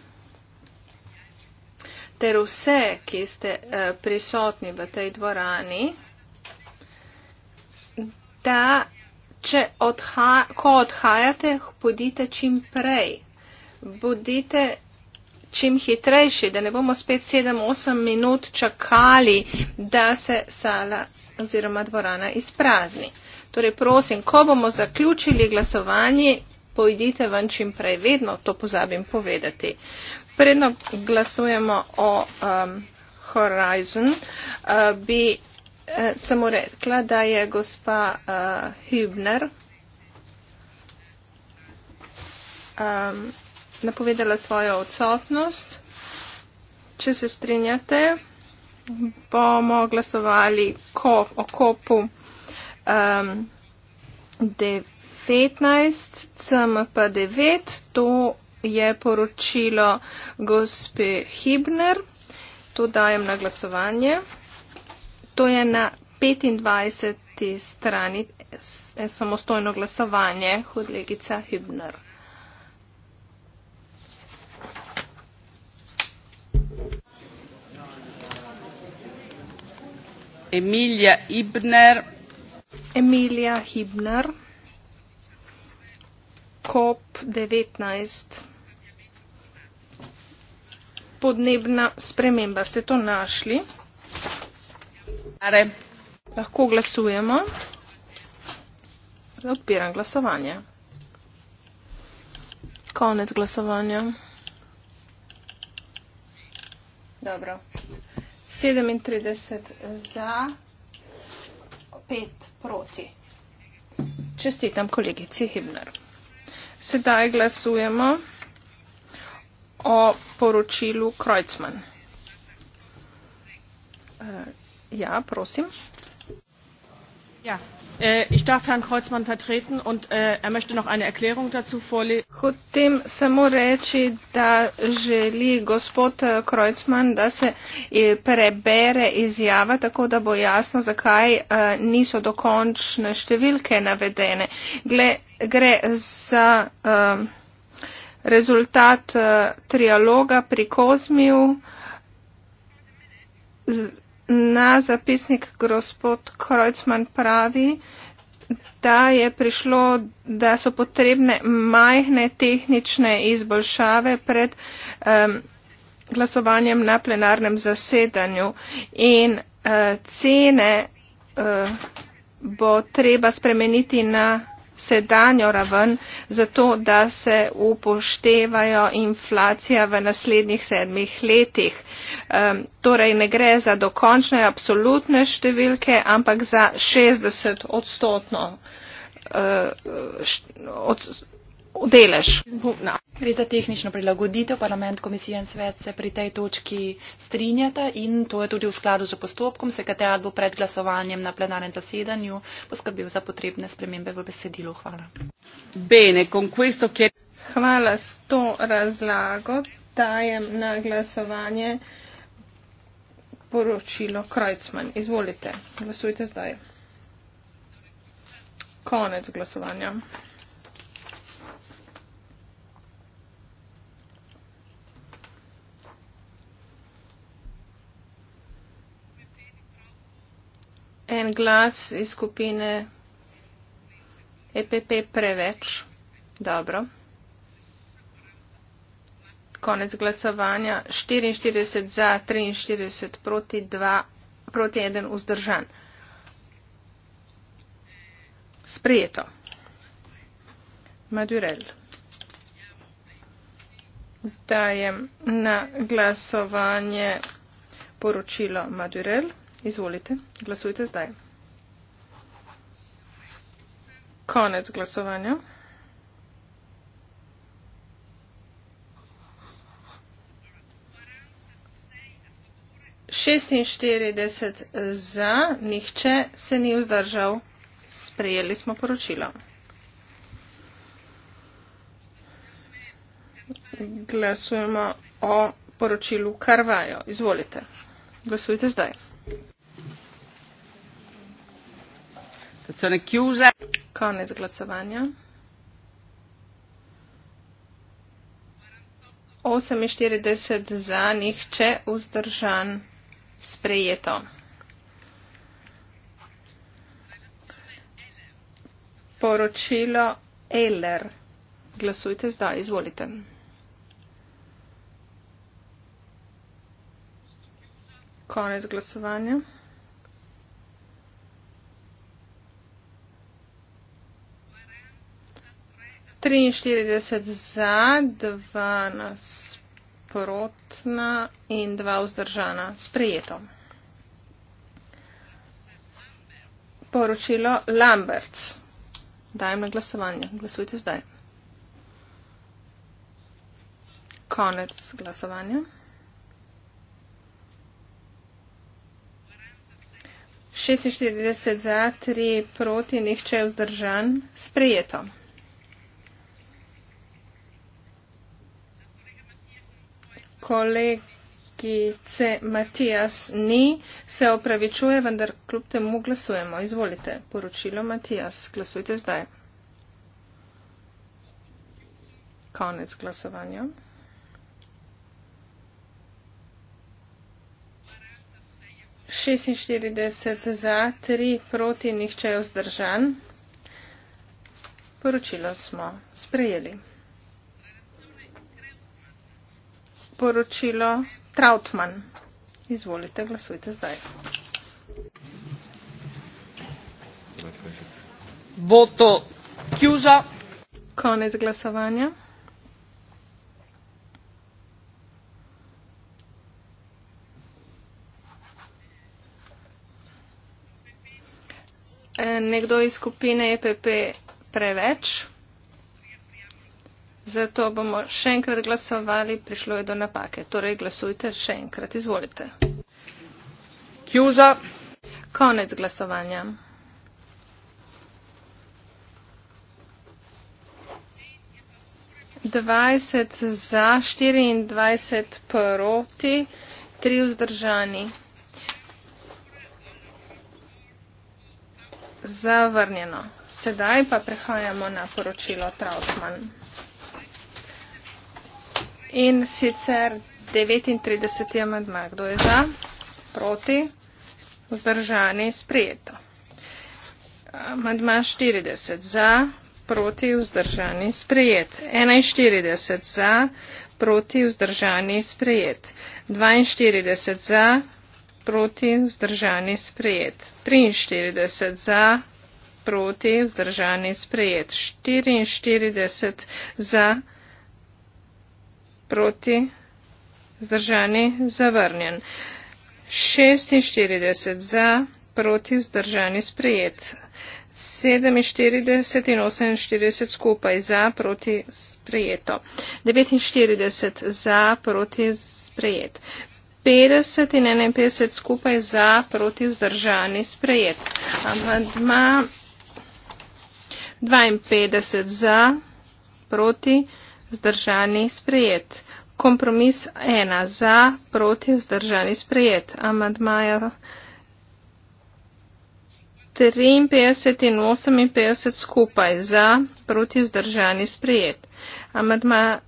ter vse, ki ste eh, prisotni v tej dvorani, da če odha, ko odhajate, bodite čim prej, bodite čim hitrejši, da ne bomo spet 7-8 minut čakali, da se sala oziroma dvorana izprazni. Torej, prosim, ko bomo zaključili glasovanje, pojdite ven čim prej. Vedno to pozabim povedati. Uh, Predno glasujemo o um, Horizon, uh, bi uh, samo rekla, da je gospa uh, Hübner um, napovedala svojo odsotnost. Če se strinjate, bomo glasovali ko, o kopu um, 19, CMP 9. To, je poročilo gospe Hibner. To dajem na glasovanje. To je na 25. strani eh, samostojno glasovanje, hodlegica Hibner. Emilija Hibner. Emilija Hibner. COP 19 podnebna sprememba. Ste to našli? Are. Lahko glasujemo. Odpiram glasovanje. Konec glasovanja. Dobro. 37 za, 5 proti. Čestitam kolegici Hibner. Sedaj glasujemo o poročilu Krojcman. Eh, ja, prosim. Ja. Eh, ich darf Herrn Kreuzmann vertreten und äh, er möchte noch eine Erklärung dazu vorlegen. Samo reči, da želi gospod Kreuzmann, da se prebere izjava, tako da bo jasno, zakaj äh, niso dokončne številke navedene. Gle, gre za äh, rezultat eh, trialoga pri Kozmiju na zapisnik gospod Krojcman pravi, da je prišlo, da so potrebne majhne tehnične izboljšave pred um, glasovanjem na plenarnem zasedanju in uh, cene uh, bo treba spremeniti na sedanjo raven, zato da se upoštevajo inflacija v naslednjih sedmih letih. Um, torej ne gre za dokončne absolutne številke, ampak za 60 odstotno. Uh, št, od, delež. No. Gre za tehnično prilagoditev. Parlament, komisija in svet se pri tej točki strinjata in to je tudi v skladu z postopkom. Sekretar bo pred glasovanjem na plenarnem zasedanju poskrbel za potrebne spremembe v besedilu. Hvala. Bene, kjer... Hvala s to razlago. Dajem na glasovanje poročilo Krojcman. Izvolite, glasujte zdaj. Konec glasovanja. en glas iz skupine EPP preveč. Dobro. Konec glasovanja. 44 za, 43 proti 2, proti 1 vzdržan. Sprijeto. Madurel. Dajem na glasovanje poročilo Madurel. Izvolite, glasujte zdaj. Konec glasovanja. Šestinštirideset za, nihče se ni vzdržal, sprejeli smo poročilo. Glasujemo o poročilu Karvajo. Izvolite, glasujte zdaj. Tone Kjuze. Konec glasovanja. 48 za, nihče vzdržan, sprejeto. Poročilo Eller. Glasujte zdaj, izvolite. Konec glasovanja. 43 za, 2 nasprotna in 2 vzdržana. Sprejeto. Poročilo Lamberts. Dajem na glasovanje. Glasujte zdaj. Konec glasovanja. 46 za, 3 proti, nihče vzdržan. Sprejeto. kolegice Matijas ni, se opravičuje, vendar kljub temu glasujemo. Izvolite, poročilo Matijas, glasujte zdaj. Konec glasovanja. Šestinštirideset za, tri proti, nihče je vzdržan. Poročilo smo sprejeli. sporočilo Trautmann. Izvolite, glasujte zdaj. Voto Kjuža. Konec glasovanja. Eh, nekdo iz skupine EPP preveč. Zato bomo še enkrat glasovali, prišlo je do napake. Torej glasujte še enkrat, izvolite. Kjuza. Konec glasovanja. Dvajset za, štiriindvajset proti, tri vzdržani. Zavrnjeno. Sedaj pa prehajamo na poročilo Trautmann. In sicer 39. amadma. Kdo je za? Proti? Vzdržani? Sprijeto. Amadma 40. Za? Proti? Vzdržani? Sprijet. 41. Za? Proti? Vzdržani? Sprijet. 42. Za? Proti? Vzdržani? Sprijet. 43. Za? Proti? Vzdržani? Sprijet. 44. Za? Proti, proti, vzdržani, zavrnjen. 46 za, proti, vzdržani, sprejet. 47 in 48 skupaj za, proti, sprejeto. 49 za, proti, sprejet. 50 in 51 skupaj za, proti, vzdržani, sprejet. Amandma 52 za, proti, vzdržani vzdržani sprejet. Kompromis 1 za, proti vzdržani sprejet. Amadmaja 53 in 58 skupaj za, proti vzdržani sprejet. Amadma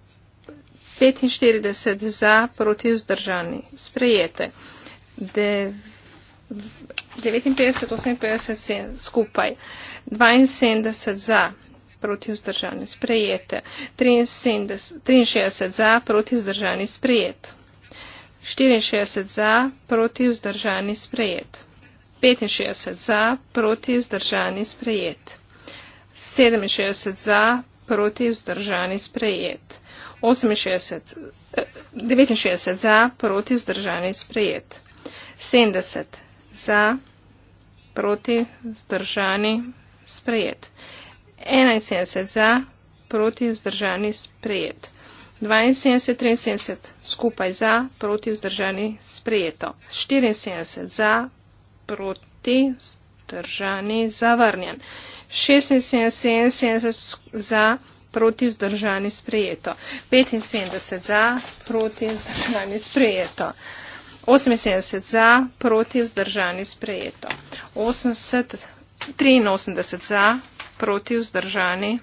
45 za, proti vzdržani sprejete. De 59, 58 skupaj. 72 za proti vzdržani sprejete. 73, 63 za proti vzdržani sprejet. 64 za proti vzdržani sprejet. 65 za proti vzdržani sprejet. 67 za proti vzdržani sprejet. 68, 69 eh, za proti vzdržani sprejet. 70 za proti vzdržani sprejet. 71 za, proti vzdržani sprejet. 72, 73 skupaj za, proti vzdržani sprejeto. 74 za, proti vzdržani zavrnjen. 76, 77 za, proti vzdržani sprejeto. 75 za, proti vzdržani sprejeto. 78 za, proti vzdržani sprejeto. 80, 83 za, proti vzdržani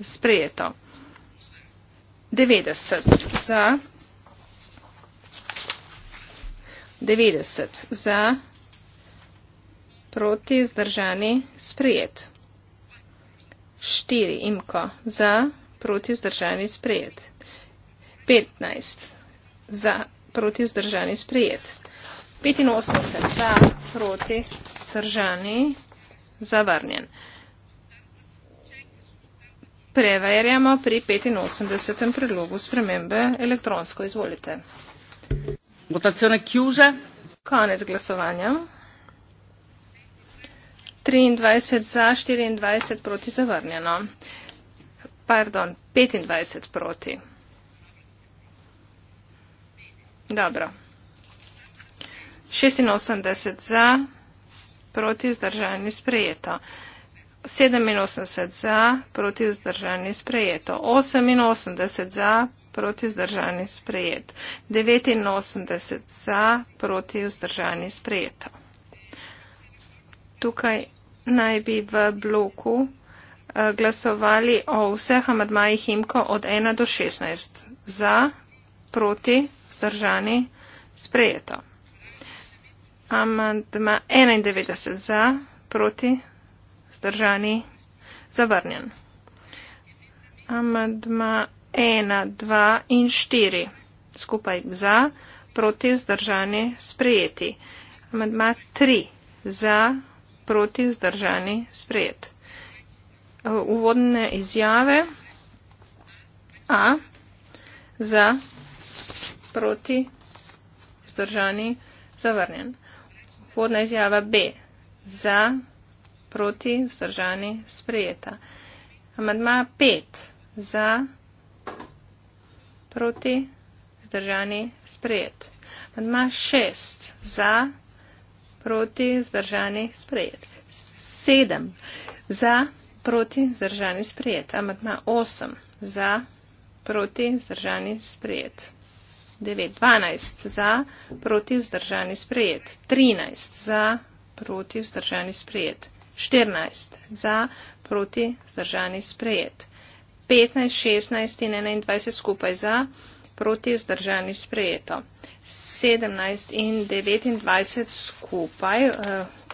sprejeto. 90 za. 90 za. Proti vzdržani sprejet. 4 imko za. Proti vzdržani sprejet. 15 za. Proti vzdržani sprejet. 85 za. Proti vzdržani zavrnjen preverjamo pri 85. predlogu spremembe elektronsko. Izvolite. Votacione chiusa. Konec glasovanja. 23 za, 24 proti zavrnjeno. Pardon, 25 proti. Dobro. 86 za, proti vzdržanje sprejeto. 87 za, proti vzdržani sprejeto. 88 za, proti vzdržani sprejet. 89 za, proti vzdržani sprejeto. Tukaj naj bi v bloku eh, glasovali o vseh amadmajih imko od 1 do 16. Za, proti, vzdržani, sprejeto. Amadma 91 za, proti, vzdržani, zavrnjen. Amadma 1, 2 in 4. Skupaj za, proti vzdržani, sprejeti. Amadma 3. Za, proti vzdržani, sprejet. Uvodne izjave. A. Za, proti vzdržani, zavrnjen. Uvodna izjava B. Za, proti, vzdržani, sprejeta. Amadma 5 za, proti, vzdržani, sprejet. Amadma 6 za, proti, vzdržani, sprejet. 7 za, proti, vzdržani, sprejet. Amadma 8 za, proti, vzdržani, sprejet. 9, 12 za, proti, vzdržani, sprejet. 13 za, proti, vzdržani, sprejet. 14. 14 za, proti, zdržani, sprejet. 15, 16 in 21 skupaj za, proti, zdržani, sprejeto. 17 in 29 skupaj, uh,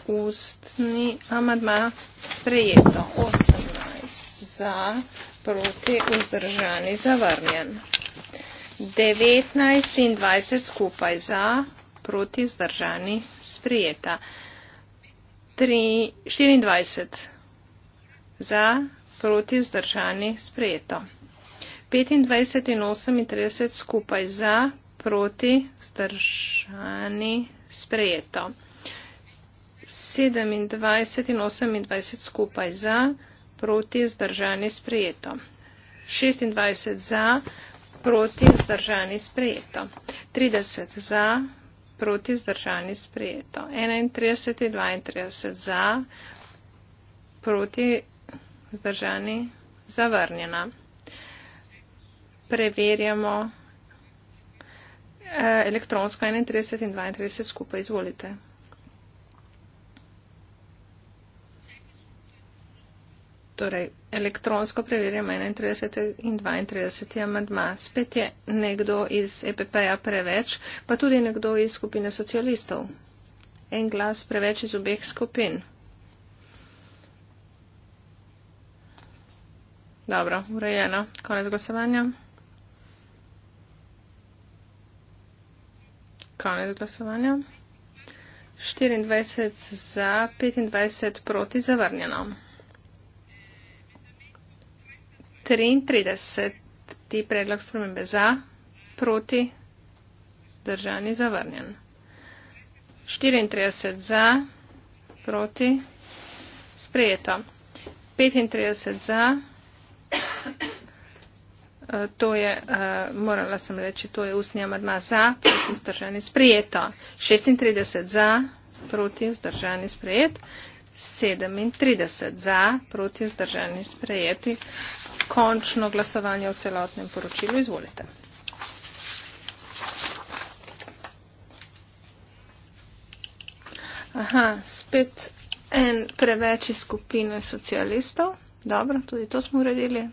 ustni amadma, sprejeto. 18 za, proti, vzdržani, zavrnjen. 19 in 20 skupaj za, proti, vzdržani, sprejeta tri, 24 za proti vzdržani sprejeto. 25 in 38 skupaj za proti vzdržani sprejeto. 27 in 28 skupaj za proti vzdržani sprejeto. 26 za proti vzdržani sprejeto. 30 za proti vzdržani sprejeto. 31, 32 za, proti vzdržani zavrnjena. Preverjamo eh, elektronsko 31 in 32 skupaj. Izvolite. Torej, elektronsko preverjamo 31 in 32 amadma. Spet je nekdo iz EPP-ja preveč, pa tudi nekdo iz skupine socialistov. En glas preveč iz obeh skupin. Dobro, urejeno. Konec glasovanja. Konec glasovanja. 24 za, 25 proti zavrnjeno. 33 ti predlog spremembe za, proti, držani zavrnjen. 34 za, proti, sprejeto. 35 za, eh, to je, eh, morala sem reči, to je ustni amadma za, proti, vzdržani, sprejeto. 36 za, proti, vzdržani, sprejeto. 37 za, proti zdržani sprejeti. Končno glasovanje v celotnem poročilu. Izvolite. Aha, spet en preveči skupine socialistov. Dobro, tudi to smo uredili.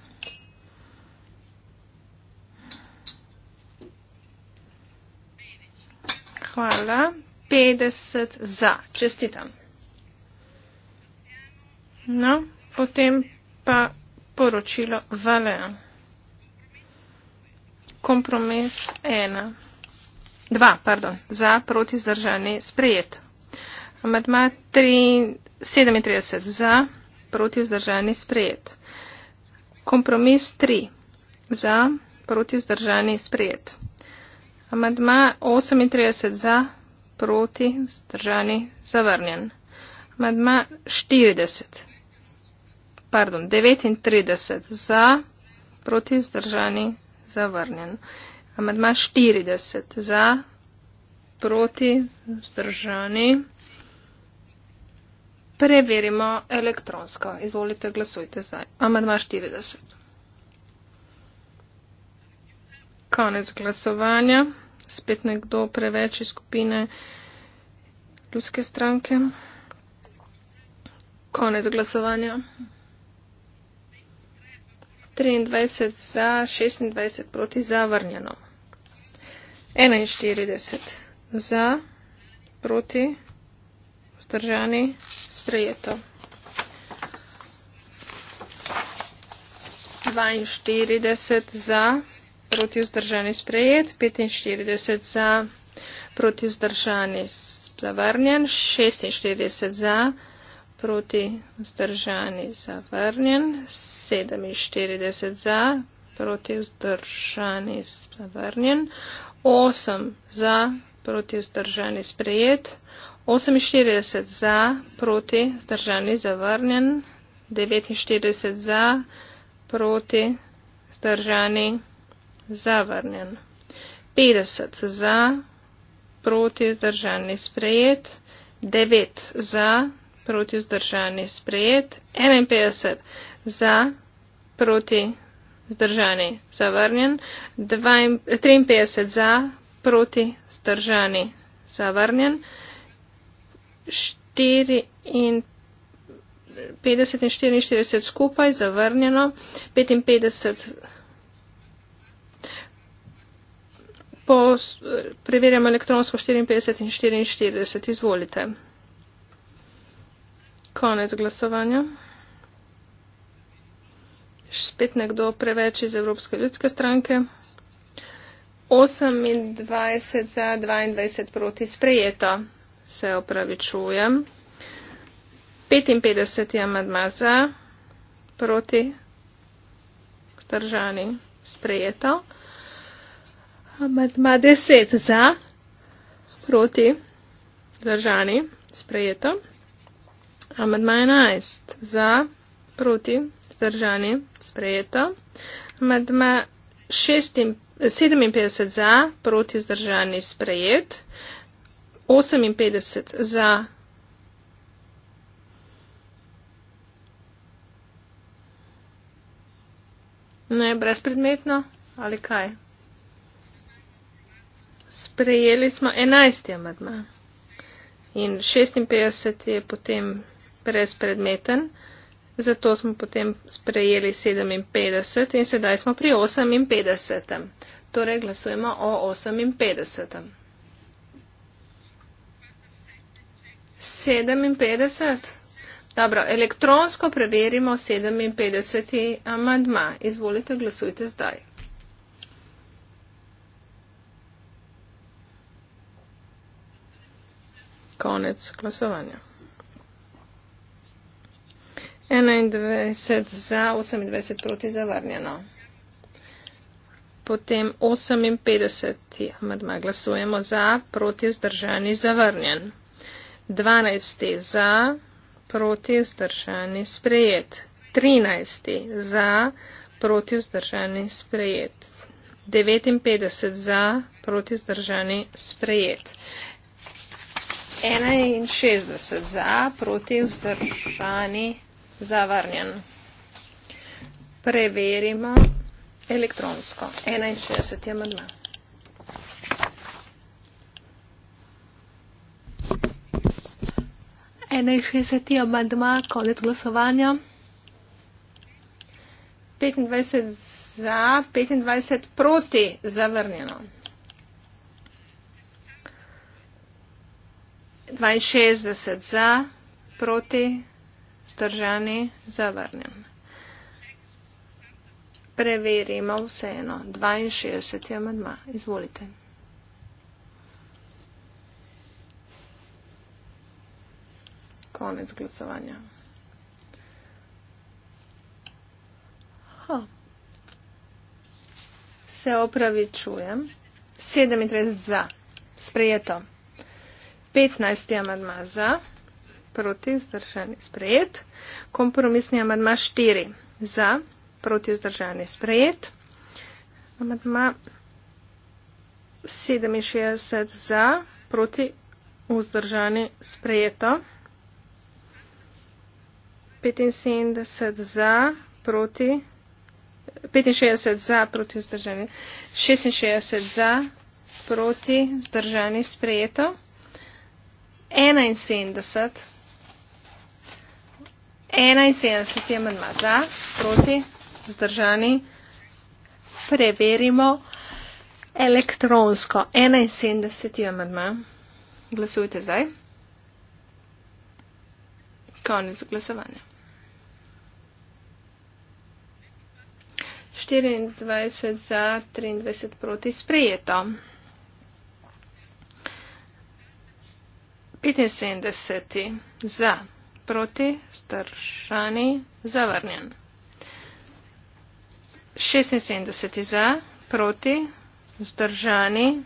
Hvala. 50 za. Čestitam. No, potem pa poročilo Valea. Kompromis ena. Dva, pardon. Za proti zdržanje sprejet. Amadma 37. Za proti vzdržani sprejet. Kompromis 3. Za proti vzdržani sprejet. Amadma 38. Za proti vzdržani zavrnjen. Amadma 40 pardon, 39 za, proti vzdržani, zavrnjen. Amadma 40 za, proti vzdržani. Preverimo elektronsko. Izvolite, glasujte za. Amadma 40. Konec glasovanja. Spet nekdo preveč iz skupine ljudske stranke. Konec glasovanja. 23 za, 26 proti zavrnjeno. 41 za, proti, vzdržani, sprejeto. 42 za, proti vzdržani sprejet, 45 za, proti vzdržani zavrnjen, 46 za, proti vzdržani zavrnjen, 47 za proti vzdržani zavrnjen, 8 za proti vzdržani sprejet, 48 za proti vzdržani zavrnjen, 49 za proti vzdržani zavrnjen, 50 za proti vzdržani sprejet, 9 za proti vzdržani sprejet, 51 za proti vzdržani zavrnjen, 53 za proti vzdržani zavrnjen, 54 in 44 skupaj zavrnjeno, 55 po, preverjamo elektronsko 54 in 44, izvolite. Konec glasovanja. Spet nekdo preveč iz Evropske ljudske stranke. 28 za 22 proti sprejeto. Se opravičujem. 55 je amadma za proti zdržani sprejeto. Amadma 10 za proti zdržani sprejeto. Amadma 11. Za, proti, zdržani, sprejeto. Amadma 57. Za, proti, zdržani, sprejet. 58. Za. Ne, brezpredmetno ali kaj? Sprejeli smo 11. amadma. In 56 je potem brezpredmeten, zato smo potem sprejeli 57 in sedaj smo pri 58. Torej glasujemo o 58. 57. Dobro, elektronsko preverimo 57. amadma. Izvolite, glasujte zdaj. Konec glasovanja. 21 za, 28 proti zavrnjeno. Potem 58 amadma glasujemo za, proti vzdržani zavrnjen. 12 za, proti vzdržani sprejet. 13 za, proti vzdržani sprejet. 59 za, proti vzdržani sprejet. 61 za, proti vzdržani sprejet. Zavrnjen. Preverimo elektronsko. 61. amandma. Enajšestdeseti amandma, konec glasovanja. 25 za, 25 proti, zavrnjeno. 62 za, proti vzdržani, zavrnjen. Preverimo vseeno. 62. amadma. Izvolite. Konec glasovanja. Ha. Se opravičujem. 37 za. Sprejeto. 15. amadma za proti vzdržani sprejet. Kompromisni amadma 4 za proti vzdržani sprejet. Amadma 67 za proti vzdržani sprejeto. 75 za proti. 65 za proti vzdržani. 66 za proti vzdržani sprejeto. 71 71 amandma za, proti, vzdržani. Preverimo elektronsko. 71 amandma. Glasujte zdaj. Konec glasovanja. 24 za, 23 proti, sprejeto. 75 za proti, vzdržani, zavrnjen. 76 za, proti, vzdržani.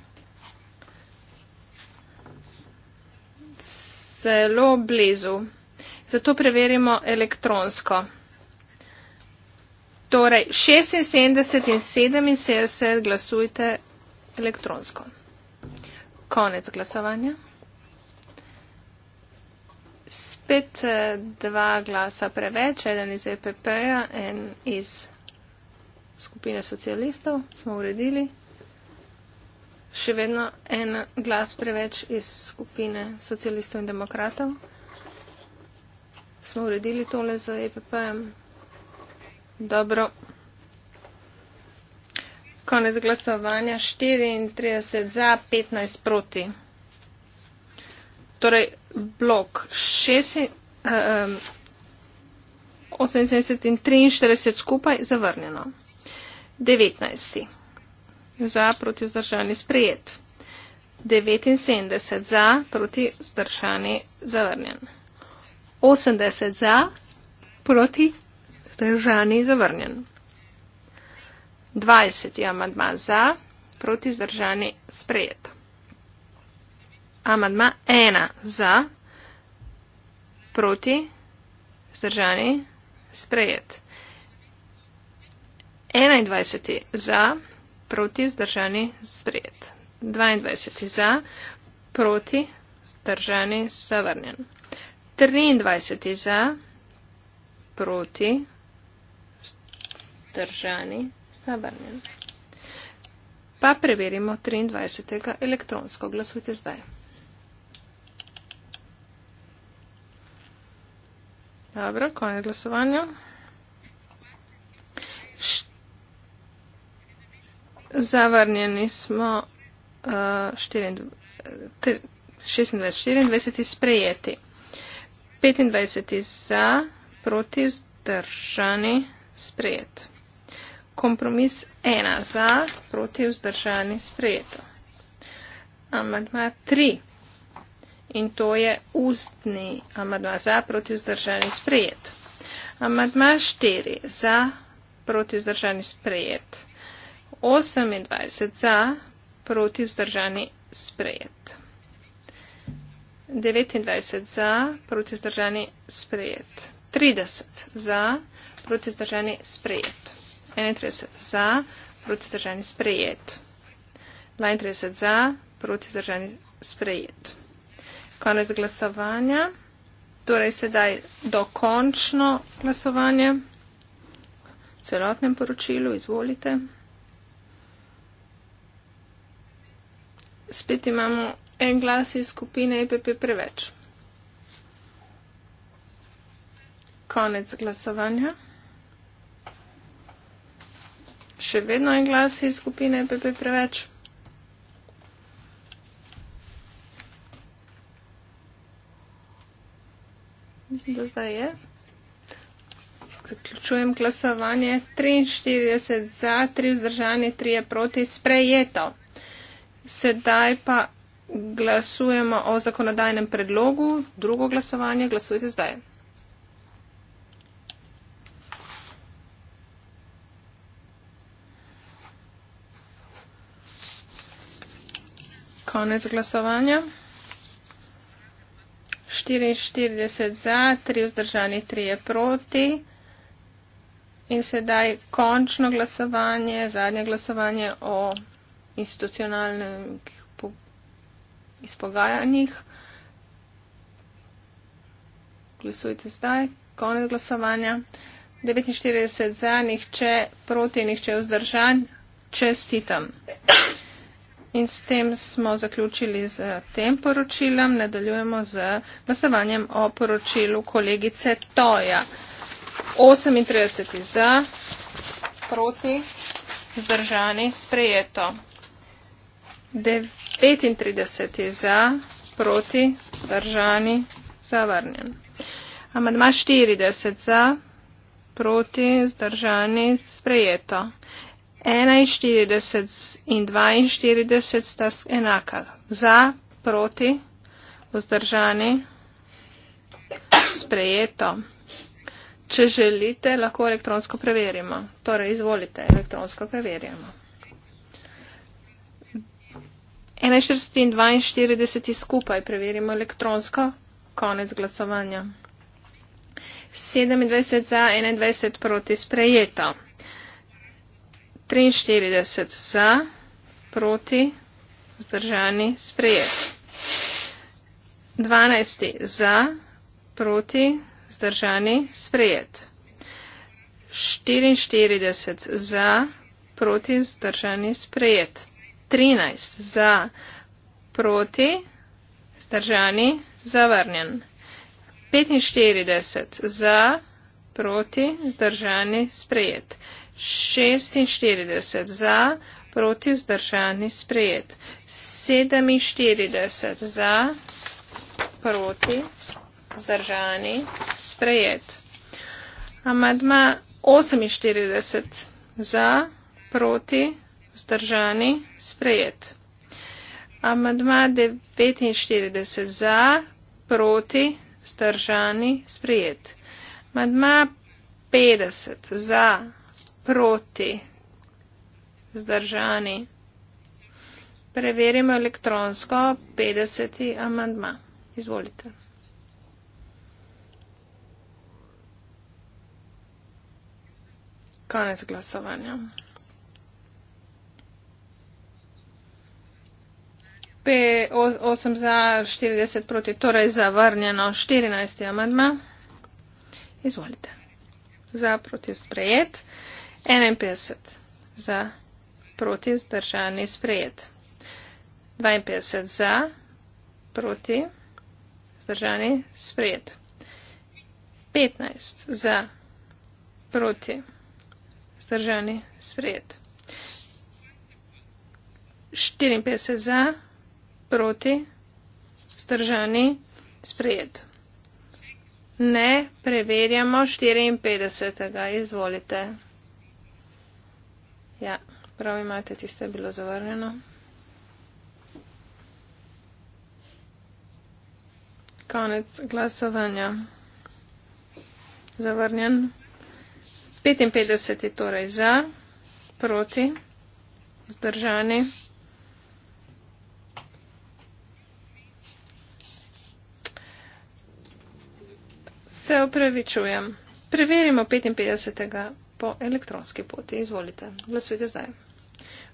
Zelo blizu. Zato preverimo elektronsko. Torej, 76 in 77 glasujte elektronsko. Konec glasovanja spet eh, dva glasa preveč, eden iz EPP-ja in iz skupine socialistov smo uredili. Še vedno en glas preveč iz skupine socialistov in demokratov smo uredili tole za EPP-jem. Dobro. Konec glasovanja 34 za 15 proti. Torej, blok šest, eh, eh in 43 skupaj zavrnjeno. 19. Za proti vzdržani sprejet. 79 za proti vzdržani zavrnjen. 80 za proti vzdržani zavrnjen. 20. amadma za proti vzdržani sprejeto. Amadma ena za, proti, zdržani, sprejet. 21. za, proti, zdržani, sprejet. 22. za, proti, zdržani, zavrnjen. 23. za, proti, zdržani, zavrnjen. Pa preverimo 23. elektronsko. Glasujte zdaj. Dobro, konec glasovanja. Š... Zavrnjeni smo uh, 24, 24, 24 sprejeti. 25 za, proti vzdržani sprejet. Kompromis 1 za, proti vzdržani sprejet. Amadma 3 in to je ustni amadma za proti vzdržani sprejet. Amadma 4 za proti vzdržani sprejet. 28 za proti vzdržani sprejet. 29 za proti vzdržani sprejet. 30 za proti vzdržani sprejet. 31 za proti vzdržani sprejet. 32 za proti vzdržani sprejet konec glasovanja. Torej sedaj dokončno glasovanje v celotnem poročilu. Izvolite. Spet imamo en glas iz skupine EPP preveč. Konec glasovanja. Še vedno en glas iz skupine EPP preveč. mislim, da zdaj je. Zaključujem glasovanje. 43 za, 3 vzdržani, 3 je proti. Sprejeto. Sedaj pa glasujemo o zakonodajnem predlogu. Drugo glasovanje. Glasujte zdaj. Konec glasovanja. 44 za, 3 vzdržani, 3 je proti. In sedaj končno glasovanje, zadnje glasovanje o institucionalnih izpogajanjih. Glasujte zdaj, konec glasovanja. 49 za, nihče proti, nihče vzdržan. Čestitam. In s tem smo zaključili z tem poročilom. Nadaljujemo z glasovanjem o poročilu kolegice Toja. 38 za, proti, zdržani, sprejeto. 35 za, proti, zdržani, zavrnjen. Amadma 40 za, proti, zdržani, sprejeto. 41 in 42 sta enaka. Za, proti, vzdržani, sprejeto. Če želite, lahko elektronsko preverimo. Torej, izvolite, elektronsko preverjamo. 41 in 42 skupaj preverimo elektronsko. Konec glasovanja. 27 za, 21 proti sprejeto. 43 za, proti, vzdržani, sprejet. 12 za, proti, vzdržani, sprejet. 44 za, proti, vzdržani, sprejet. 13 za, proti, vzdržani, zavrnjen. 45 za, proti, vzdržani, sprejet. 46 za, proti vzdržani sprejet. 47 za, proti vzdržani sprejet. Amadma 48 za, proti vzdržani sprejet. Amadma 49 za, proti vzdržani sprejet. Amadma 50 za, proti vzdržani sprejet proti, zdržani. Preverimo elektronsko 50. amandma. Izvolite. Konec glasovanja. 8 za 40 proti, torej zavrnjeno 14. amandma. Izvolite. Za proti sprejet. 51 za, proti, zdržani, sprejet. 52 za, proti, zdržani, sprejet. 15 za, proti, zdržani, sprejet. 54 za, proti, zdržani, sprejet. Ne, preverjamo 54. Izvolite. Ja, prav imate, tiste je bilo zavrnjeno. Konec glasovanja. Zavrnjen. 55 je torej za, proti, vzdržani. Se upravičujem. Preverimo 55 po elektronski poti. Izvolite, glasujte zdaj.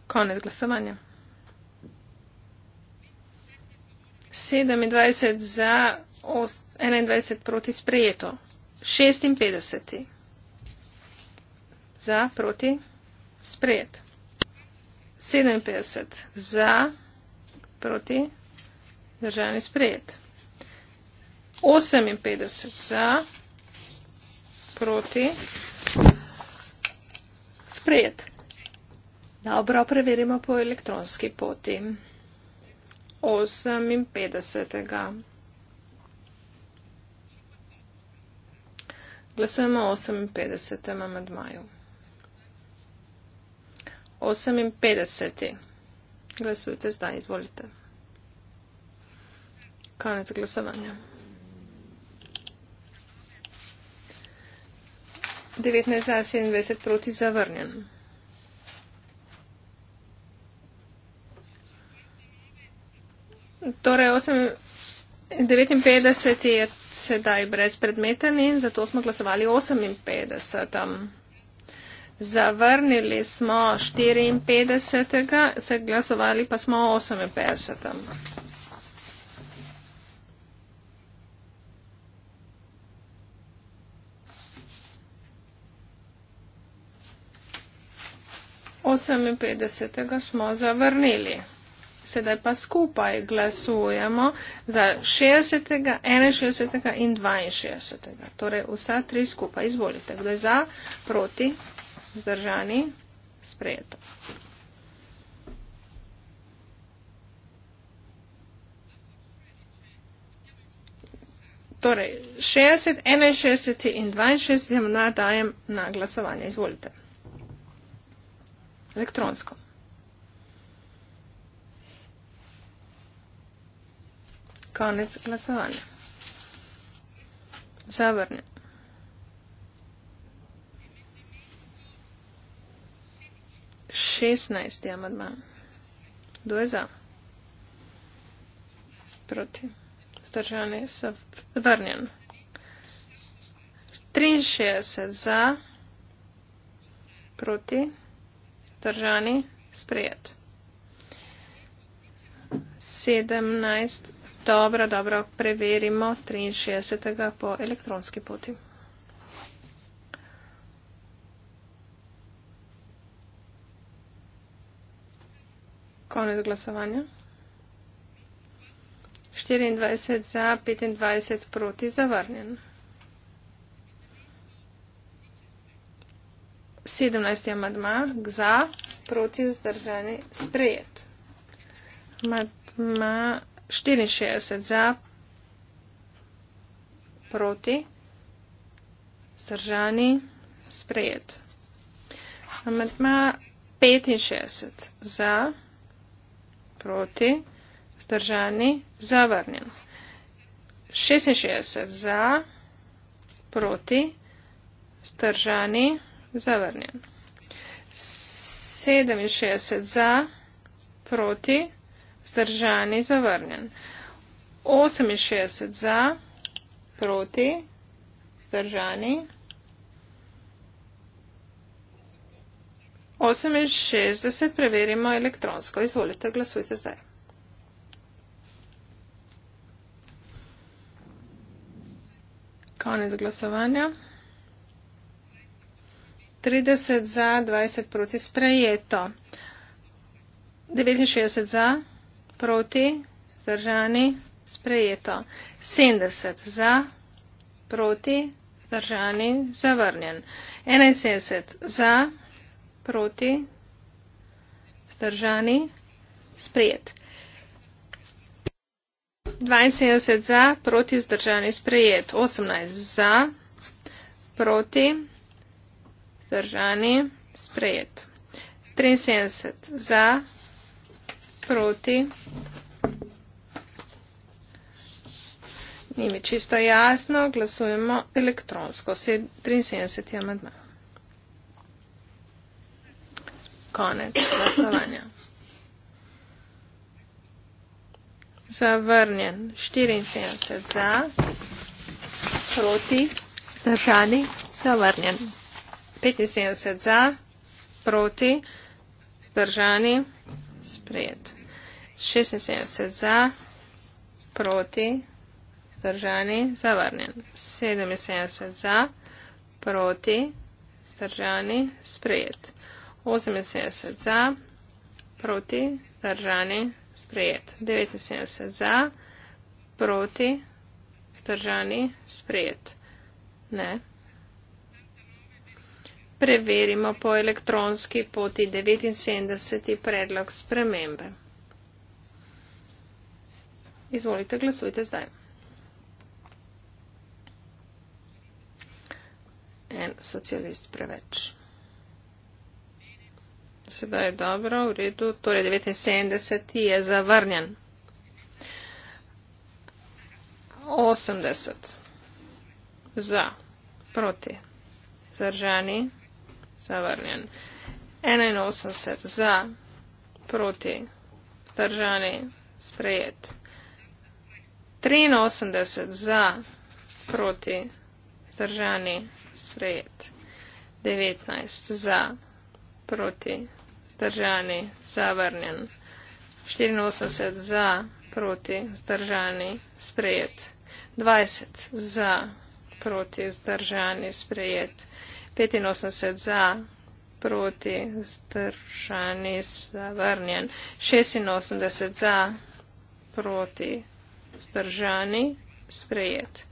Konec glasovanja. 27 za 21 proti sprejeto. 56 za proti sprejet. 57 za proti državni sprejet. 58 za proti sprejet. Dobro, preverimo po elektronski poti. 58. Glasujemo o 58. amadmaju. 58. Glasujte zdaj, izvolite. Konec glasovanja. Hvala. 19 za 27 proti zavrnjen. Torej 8, 59 je sedaj brezpredmeten in zato smo glasovali 58. Zavrnili smo 54, glasovali pa smo 58. 58. smo zavrnili. Sedaj pa skupaj glasujemo za 60., 61. in 62. Torej vsa tri skupaj. Izvolite, kdo je za, proti, zdržani, sprejeto. Torej 60, 61 in 62 jim nadajem na glasovanje. Izvolite elektronsko. Konec glasovanja. Zavrnem. Šestnajsti amadma. Kdo je za? Proti. Zdržani so vrnjen. 63 za, proti vzdržani, sprejet. Sedemnajst, dobro, dobro, preverimo, 63. po elektronski poti. Konec glasovanja. 24 za, 25 proti, zavrnjen. 17. amadma za proti vzdržani sprejet. Amadma 64 za proti vzdržani sprejet. Amadma 65 za proti vzdržani zavrnjen. 66 za proti vzdržani sprejet zavrnjen. 67 za, proti, vzdržani, zavrnjen. 68 za, proti, vzdržani. 68 preverimo elektronsko. Izvolite, glasujte zdaj. Konec glasovanja. 30 za, 20 proti sprejeto. 69 za, proti, zdržani, sprejeto. 70 za, proti, zdržani, zavrnjen. 71 za, proti, zdržani, sprejet. 72 za, proti, zdržani, sprejet. 18 za, proti, zdržani vzdržani, sprejet. 73 za, proti. Ni mi čisto jasno, glasujemo elektronsko. 73 je amadma. Konec glasovanja. Zavrnjen. 74 za, proti, vzdržani, zavrnjen. 75 za, proti, vzdržani, sprejet. 76 za, proti, vzdržani, zavrnjen. 77 za, proti, vzdržani, sprejet. 78 za, proti, vzdržani, sprejet. 79 za, proti, vzdržani, sprejet. Ne preverimo po elektronski poti 79. predlog spremembe. Izvolite, glasujte zdaj. En socialist preveč. Sedaj je dobro, v redu. Torej 79 je zavrnjen. 80 za proti zdržani zavrnjen. 81 za, proti, držani, sprejet. 83 za, proti, držani, sprejet. 19 za, proti, zdržani, zavrnjen. 84 za, proti, zdržani, sprejet. 20 za, proti, zdržani, sprejet. 85 za, proti, zdržani, zavrnjen. 86 za, proti, zdržani, sprejet.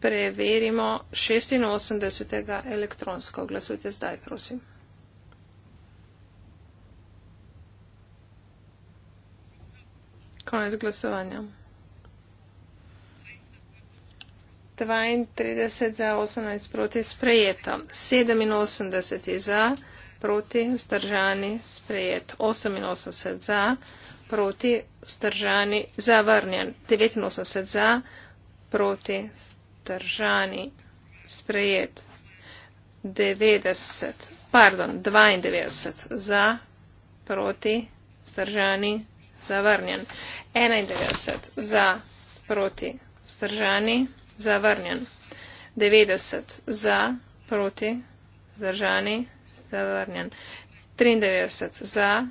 Preverimo 86. elektronsko. Glasujte zdaj, prosim. Konec glasovanja. 32 za 18 proti sprejeto. 87 za proti vzdržani sprejet. 88 za proti vzdržani zavrnjen. 89 za proti vzdržani sprejet. 90, pardon, 92 za proti vzdržani zavrnjen. 91 za proti vzdržani zavrnjen zavrnjen. 90 za, proti, zdržani, zavrnjen. 93 za,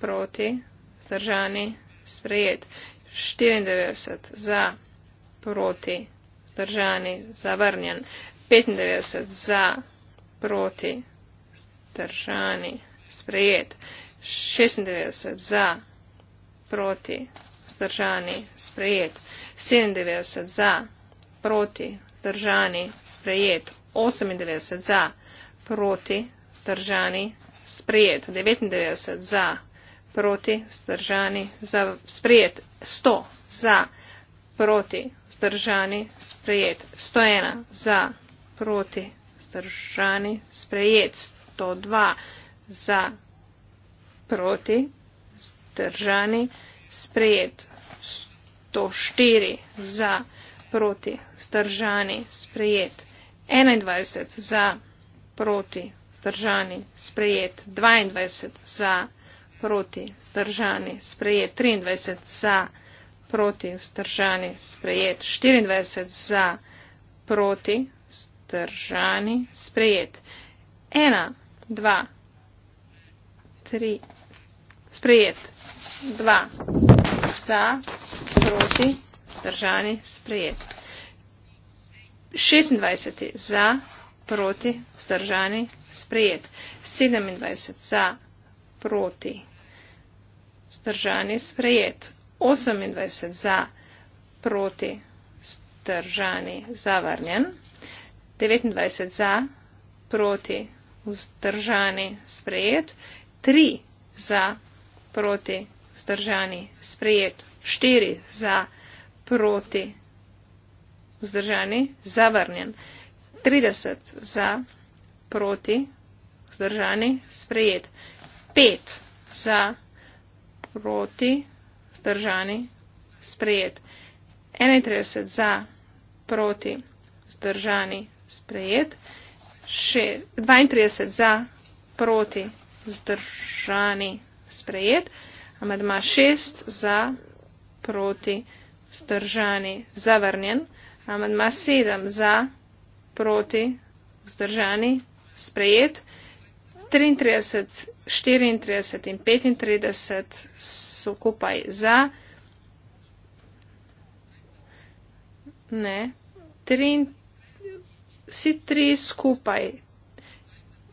proti, zdržani, sprejet. 94 za, proti, zdržani, zavrnjen. 95 za, proti, zdržani, sprejet. 96 za, proti, zdržani, sprejet. 97 za, proti, zdržani, sprejet proti, zdržani, sprejet, 98 za, proti, zdržani, sprejet, 99 za, proti, zdržani, za, sprejet, 100 za, proti, zdržani, sprejet, 101 za, proti, zdržani, sprejet, 102 za, proti, zdržani, sprejet, 104 za, proti, proti, vzdržani, sprejet. 21 za, proti, vzdržani, sprejet. 22 za, proti, vzdržani, sprejet. 23 za, proti, vzdržani, sprejet. 24 za, proti, vzdržani, sprejet. 1, 2, 3, sprejet. 2 za, proti, vzdržani vzdržani, sprejet. 26 za, proti, vzdržani, sprejet. 27 za, proti, vzdržani, sprejet. 28 za, proti, vzdržani, zavrnjen. 29 za, proti, vzdržani, sprejet. 3 za, proti, vzdržani, sprejet. 4 za, proti, vzdržani, sprejet proti. Vzdržani, zavrnjen. 30 za, proti, vzdržani, sprejet. 5 za, proti, vzdržani, sprejet. 31 za, proti, vzdržani, sprejet. 32 za, proti, vzdržani, sprejet. Amadma 6 za, proti, vzdržani vzdržani, zavrnjen. Amandma sedem za, proti, vzdržani, sprejet. 33, 34 in 35 so skupaj za. Ne, tri, vsi tri skupaj.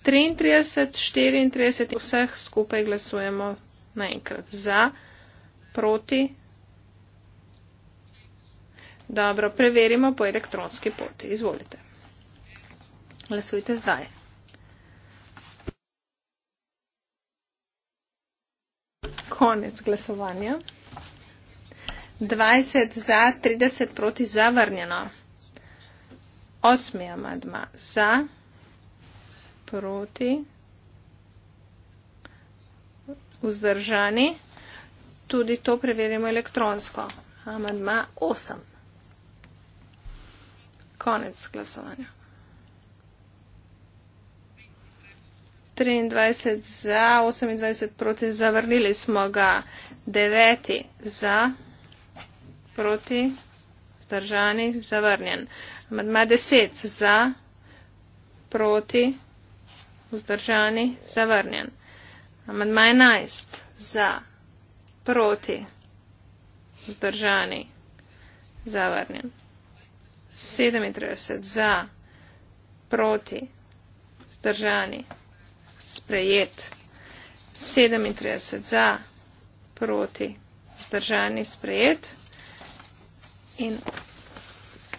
33, 34 in vseh skupaj glasujemo naenkrat za, proti, Dobro, preverimo po elektronski poti. Izvolite. Glasujte zdaj. Konec glasovanja. 20 za, 30 proti zavrnjeno. Osmi amadma za, proti, vzdržani. Tudi to preverimo elektronsko. Amadma 8 konec glasovanja. 23 za, 28 proti, zavrnili smo ga, 9 za, proti, zdržani, zavrnjen. Madma 10 za, proti, vzdržani, zavrnjen. Madma 11 za, proti, vzdržani, zavrnjen. 37 za, proti, zdržani, sprejet. 37 za, proti, zdržani, sprejet. In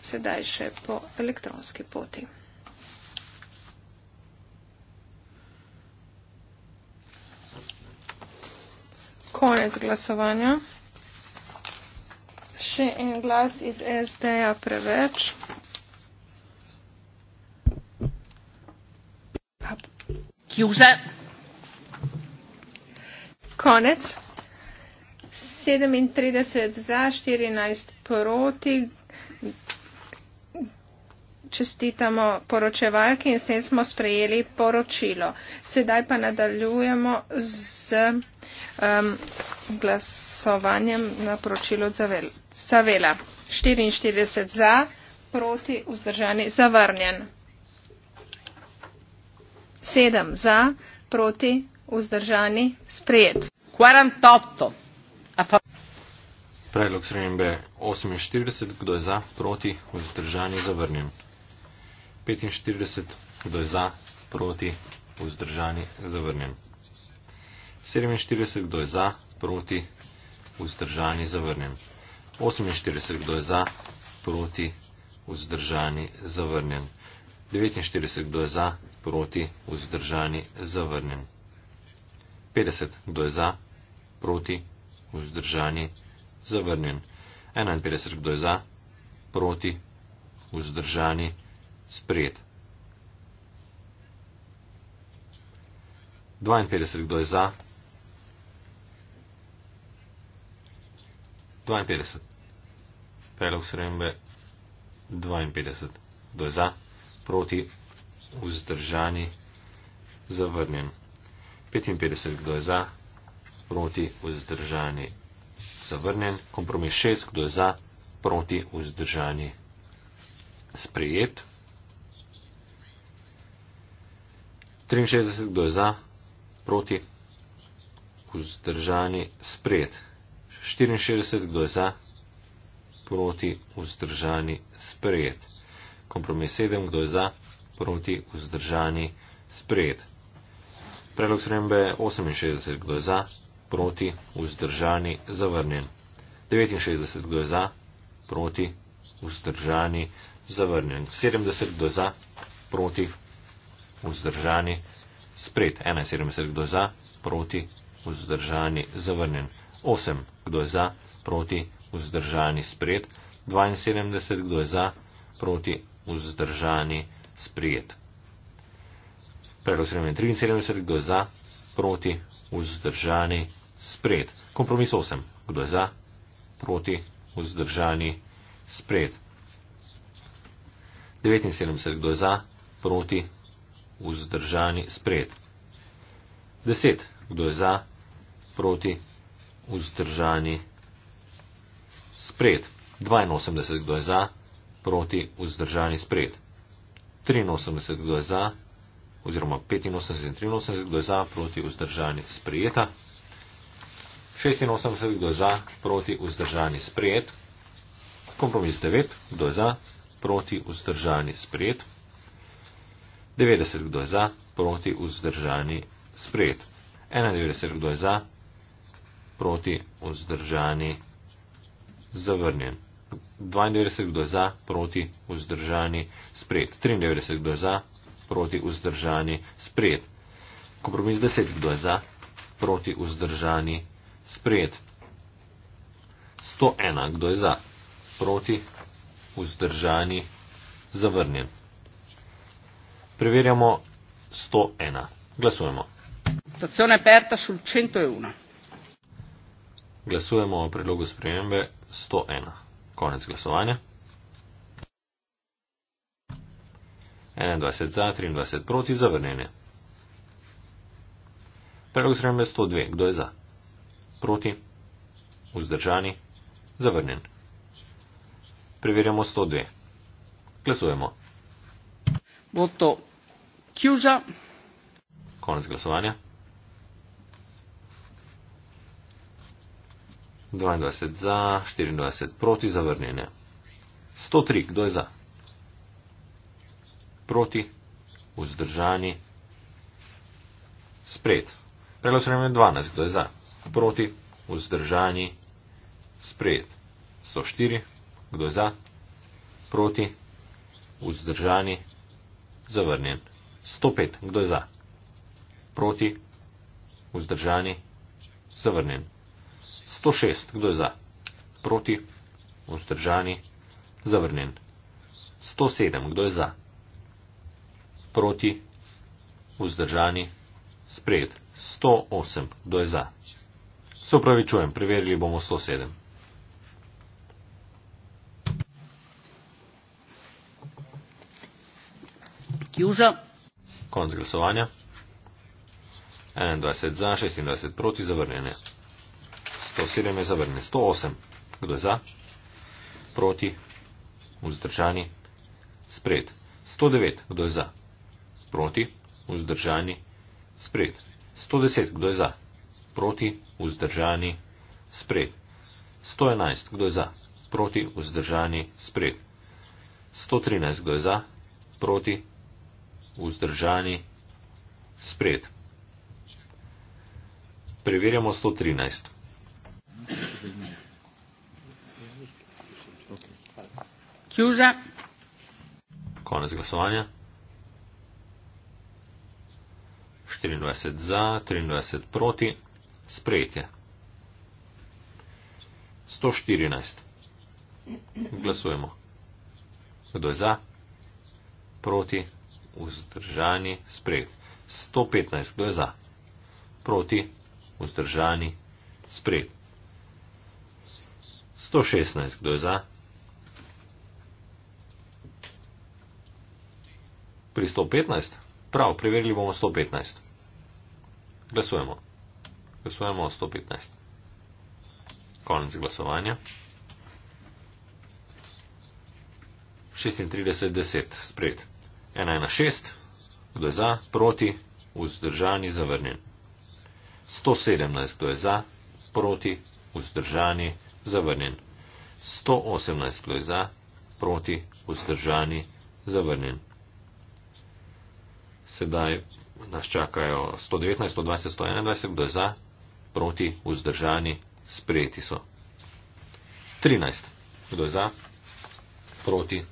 sedaj še po elektronski poti. Konec glasovanja še en glas iz SD-ja preveč. Kjuze. Konec. 37 za, 14 proti. Čestitamo poročevalki in s tem smo sprejeli poročilo. Sedaj pa nadaljujemo z um, glasovanjem na poročilo Zavela. 44 za, proti, vzdržani, zavrnjen. 7 za, proti, vzdržani, sprejet. 48. Predlog spremembe 48, kdo je za, proti, vzdržani, zavrnjen. 45, kdo je za, proti, vzdržani, zavrnjen. 47, kdo je za, proti, vzdržani, zavrnjen. 48, kdo je za, proti, vzdržani, zavrnjen. 49, kdo je za, proti, vzdržani, zavrnjen. 50, kdo je za, proti, vzdržani, zavrnjen. 51, kdo je za, proti, vzdržani, sprejet. 52, kdo je za, 52. Predlog spremembe 52. Kdo je za, proti, vzdržani, zavrnjen. 55. Kdo je za, proti, vzdržani, zavrnjen. Kompromis 6. Kdo je za, proti, vzdržani, sprejet. 63. Kdo je za, proti, vzdržani, sprejet. 64, kdo je za, proti, vzdržani, sprejet. Kompromis 7, kdo je za, proti, vzdržani, sprejet. Predlog srembe 68, kdo je za, proti, vzdržani, zavrnjen. 69, kdo je za, proti, vzdržani, zavrnjen. 70, kdo je za, proti, vzdržani, sprejet. 71, kdo je za, proti, vzdržani, zavrnjen. 8, kdo je za, proti, vzdržani, sprejet, 72, kdo je za, proti, vzdržani, sprejet. Predlog sprememe 73, kdo je za, proti, vzdržani, sprejet. Kompromis 8, kdo je za, proti, vzdržani, sprejet. 79, kdo je za, proti, vzdržani, sprejet. 10, kdo je za, proti, vzdržani, sprejet vzdržani. Spred. 82 kdo je za, proti vzdržani spred. 83 kdo je za, oziroma 85 in 83 kdo je za, proti vzdržani sprejeta. 86 kdo je za, proti vzdržani spred. Kompromis 9 kdo je za, proti vzdržani spred. 90 kdo je za, proti vzdržani spred. 91 kdo je za, proti vzdržani zavrnjen. 92 kdo za, proti vzdržani spred. 93 kdo za, proti vzdržani spred. Kompromis 10 kdo za, proti vzdržani spred. 101 kdo je za, proti vzdržani zavrnjen. Preverjamo 101. Glasujemo. Stazione aperta sul 101. Glasujemo o predlogu spremembe 101. Konec glasovanja. 21 za, 23 proti, zavrnjene. Predlog spremembe 102. Kdo je za? Proti. Vzdržani. Zavrnjen. Preverjamo 102. Glasujemo. Voto. Kjuža. Konec glasovanja. 22 za, 24 proti, zavrnjene. 103, kdo je za? Proti, vzdržani, spred. Prelo se nam je 12, kdo je za? Proti, vzdržani, spred. 104, kdo je za? Proti, vzdržani, zavrnjen. 105, kdo je za? Proti, vzdržani, zavrnjen. 106, kdo je za? Proti, vzdržani, zavrnjen. 107, kdo je za? Proti, vzdržani, sprejet. 108, kdo je za? Se upravičujem, preverili bomo 107. Kjuža. Konc glasovanja. 21 za, 26 proti, zavrnjen je. 107 je zavrnjen. 108. Kdo je za? Proti? Vzdržani? Spred. 109. Kdo je za? Proti? Vzdržani? Spred. 110. Kdo je za? Proti? Vzdržani? Spred. 111. Kdo je za? Proti? Vzdržani? Spred. 113. Kdo je za? Proti? Vzdržani? Spred. Preverjamo 113. Chiusa. Konec glasovanja. 24 za, 23 proti, sprejetje. 114. Glasujemo. Kdo je za, proti, vzdržani, sprejet. 115. Kdo je za, proti, vzdržani, sprejet. 116. Kdo je za, Pri 115? Prav, preverili bomo 115. Glasujemo. Glasujemo 115. Konec glasovanja. 36, 10, spred. 1, 1, 6, kdo je za, proti, vzdržani, zavrnjen. 117, kdo je za, proti, vzdržani, zavrnjen. 118, kdo je za, proti, vzdržani, zavrnjen sedaj nas čakajo 119, 120, 121, kdo je za, proti, vzdržani, sprejeti so. 13, kdo je za, proti,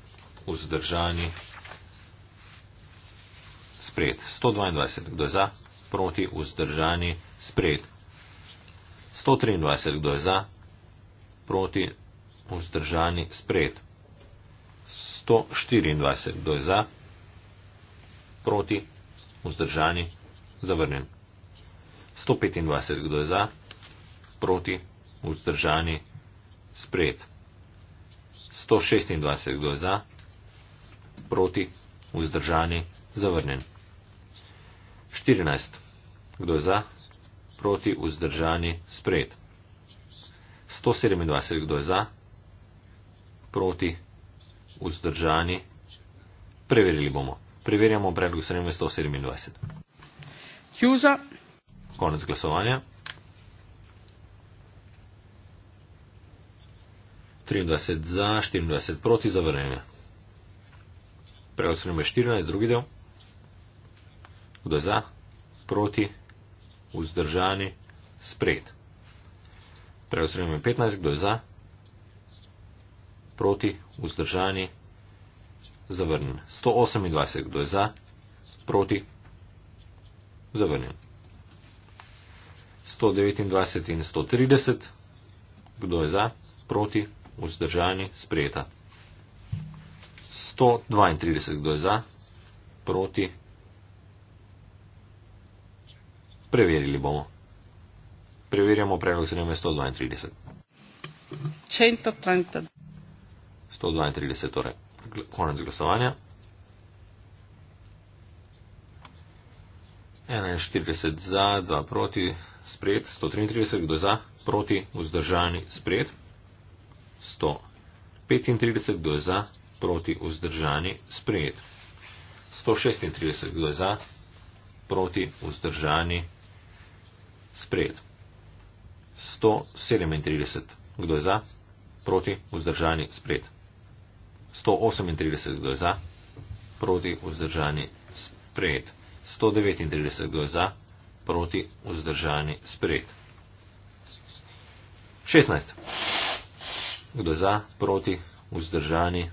vzdržani, sprejeti. 122, kdo je za, proti, vzdržani, sprejeti. 123, kdo je za, proti, vzdržani, sprejeti. 124, kdo je za, proti, vzdržani, zavrnjen. 125, kdo je za, proti, vzdržani, sprejet. 126, kdo je za, proti, vzdržani, zavrnjen. 14, kdo je za, proti, vzdržani, sprejet. 127, kdo je za, proti, vzdržani, preverili bomo. Preverjamo predlog strani 127. Hjuza. Konec glasovanja. 23 za, 24 proti zavrnjenja. Predlog strani 14, drugi del. Kdo je za? Proti. Vzdržani. Sprejet. Predlog strani 15, kdo je za? Proti. Vzdržani. Sprejet. Zavrnjen. 128, kdo je za? Proti? Zavrnjen. 129 in 130, kdo je za? Proti? Vzdržani? Sprijeta. 132, kdo je za? Proti? Preverili bomo. Preverjamo predlog za nami 132. 132. 132 torej konec glasovanja. 41 za, 2 proti, spred, 133, kdo je za, proti, vzdržani, spred, 135, kdo je za, proti, vzdržani, spred, 136, kdo je za, proti, vzdržani, spred, 137, kdo je za, proti, vzdržani, spred. 138 kdo je za, proti vzdržani sprejet. 139 kdo je za, proti vzdržani sprejet. 16. Kdo je za, proti vzdržani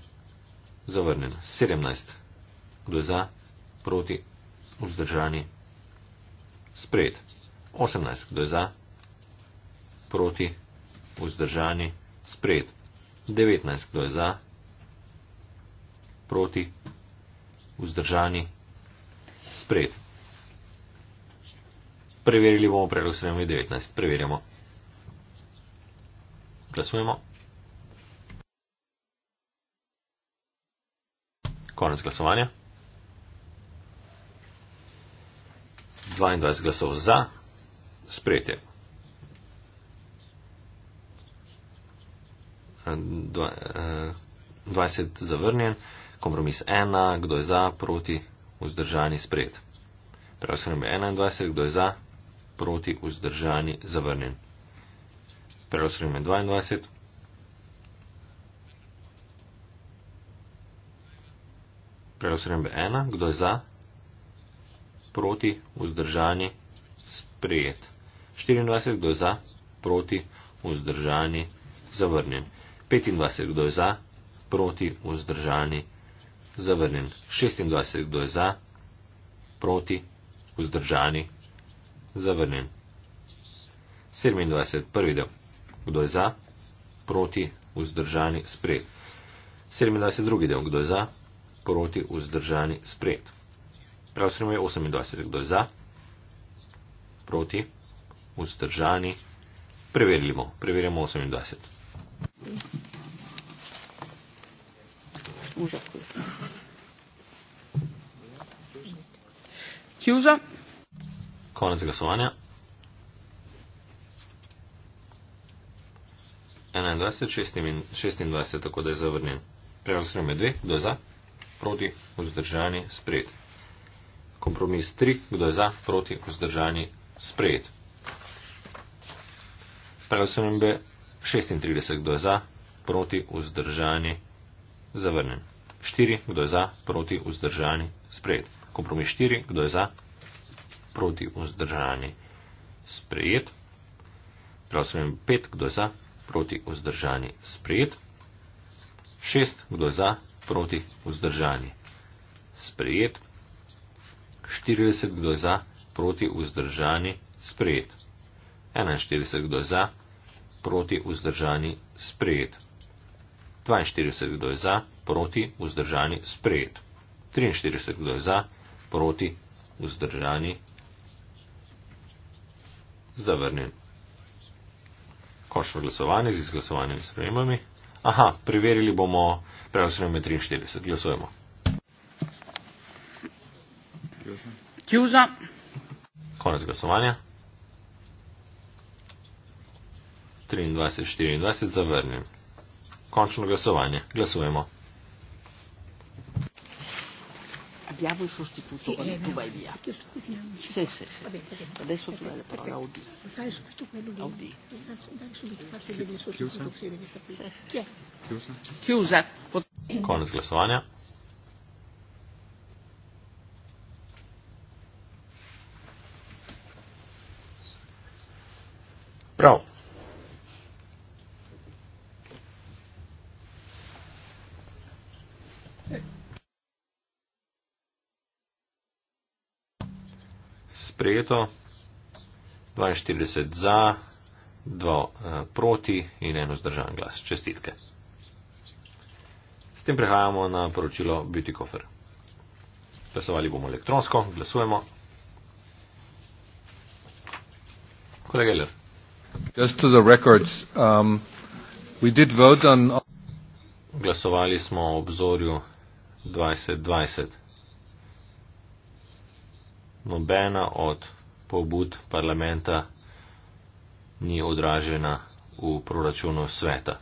zavrnjen. 17. Kdo je za, proti vzdržani sprejet. 18. Kdo je za, proti vzdržani sprejet. 19. Kdo je za, proti, vzdržani, spred. Preverili bomo predlog 719. Preverjamo. Glasujemo. Konec glasovanja. 22 glasov za, sprejete. 20 eh, zavrnjen kompromis 1, kdo je za, proti, vzdržani, sprejet. Prav sklenbe 21, kdo je za, proti, vzdržani, zavrnjen. Prav sklenbe 22. Prav sklenbe 1, kdo je za, proti, vzdržani, sprejet. 24, kdo je za, proti, vzdržani, zavrnjen. 25, kdo je za, proti, vzdržani, zavrnjen zavrnjen. 26, kdo je za, proti, vzdržani, zavrnjen. 27, prvi del, kdo je za, proti, vzdržani, spred. 27, drugi del, kdo je za, proti, vzdržani, spred. Pravzaprav je 28, kdo je za, proti, vzdržani, preverimo, preverimo 28. Thank you. Kjuža, prosim. Kjuža. Konec glasovanja. 21, 26, tako da je zavrnjen. Prejel sem med dve, kdo je za, proti, vzdržani, sprejet. Kompromis 3, kdo je za, proti, vzdržani, sprejet. Prejel sem med 36, kdo je za, proti, vzdržani, sprejet zavrnjen. 4. Kdo je za, proti, vzdržani, sprejet. Kompromis 4. Kdo je za, proti, vzdržani, sprejet. Pravzaprav 5. Kdo je za, proti, vzdržani, sprejet. 6. Kdo je za, proti, vzdržani, sprejet. 40. Kdo je za, proti, vzdržani, sprejet. 41. Kdo je za, proti, vzdržani, sprejet. 42 kdo je za, proti, vzdržani, sprejet. 43 kdo je za, proti, vzdržani, zavrnjen. Končno glasovanje z izglasovanimi spremembami. Aha, preverili bomo preostanek 43. Glasujemo. Kjuza. Konec glasovanja. 23, 24, zavrnjen končno glasovanje. Glasujemo. Abbiamo il sostituto, sì, eh, tu no. vai via. Sì, sì, sì. Adesso tu hai la parola Audi. Fai subito quello lì. Audi. Chiusa. Con il glassone. Bravo. sprejeto, 42 za, 2 eh, proti in 1 zdržan glas. Čestitke. S tem prehajamo na poročilo Beauty Coffer. Glasovali bomo elektronsko, glasujemo. Kolega Eller. Just to the records, um, we did vote on... Glasovali smo o obzorju 2020 nobena od pobud parlamenta ni odražena v proračunu sveta.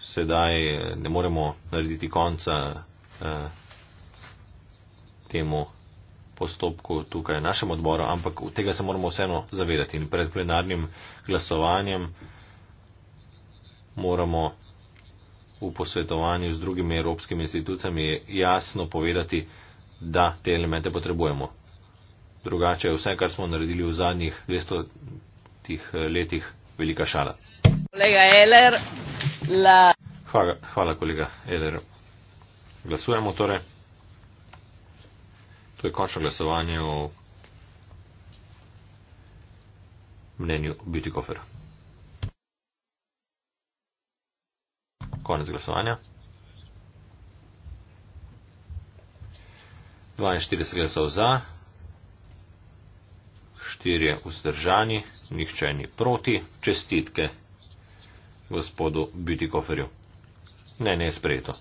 Sedaj eh, ne moremo narediti konca eh, temu postopku tukaj na našem odboru, ampak tega se moramo vseeno zavedati in pred plenarnim glasovanjem moramo v posvetovanju z drugimi evropskimi institucijami jasno povedati, da te elemente potrebujemo. Drugače je vse, kar smo naredili v zadnjih 200 eh, letih, velika šala. Kolega Eler, la... hvala, hvala, kolega Eler. Glasujemo torej. To je končno glasovanje o mnenju Beauty Coffera. konec glasovanja. 42 glasov za, 4 je vzdržani, nihče ni proti, čestitke gospodu Bitikoferju. Ne, ne je sprejeto.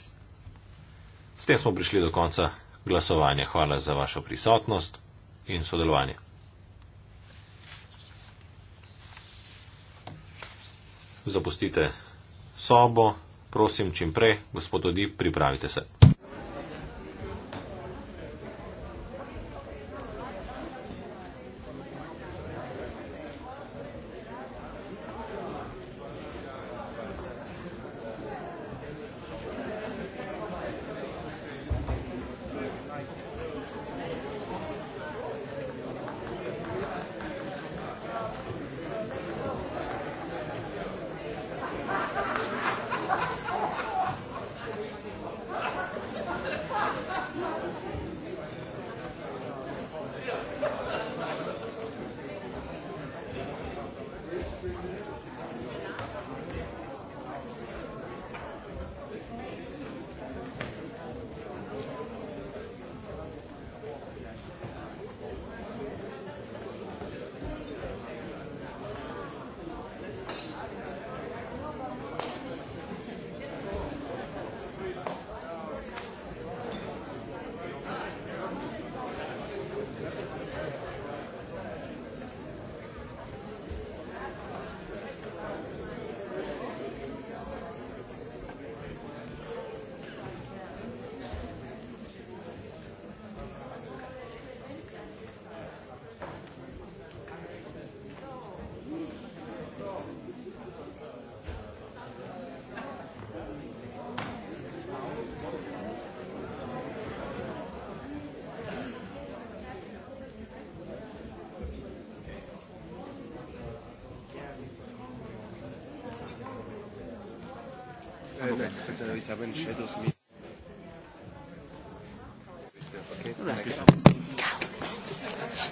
S tem smo prišli do konca glasovanja. Hvala za vašo prisotnost in sodelovanje. Zapustite sobo prosim, čim prej, gospod Odi, pripravite se.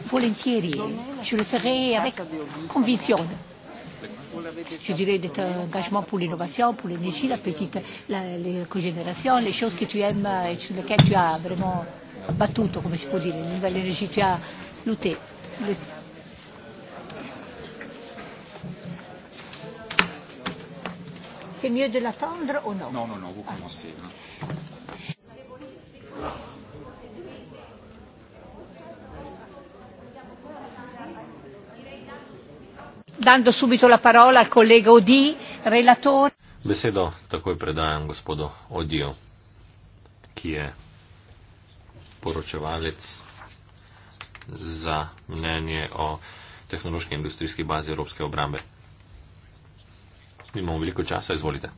Volentieri, je le ferai avec conviction. Je dirais d'être un engagement pour l'innovation, pour l'énergie, la petite la, les cogénérations, les choses que tu aimes et sur lesquelles tu as vraiment battu, comme si peut dire, l'énergie, tu as lutté. Lutté. c'est mieux de l'attendre ou non Non, non, non, vous commencez. Hein. Dando subito la parola al collega Odi, relatore. Besedo takoj predajam gospodu Odiju, ki je poročevalec za mnenje o tehnološki industrijski bazi Evropske obrambe. Nimamo veliko časa, izvolite.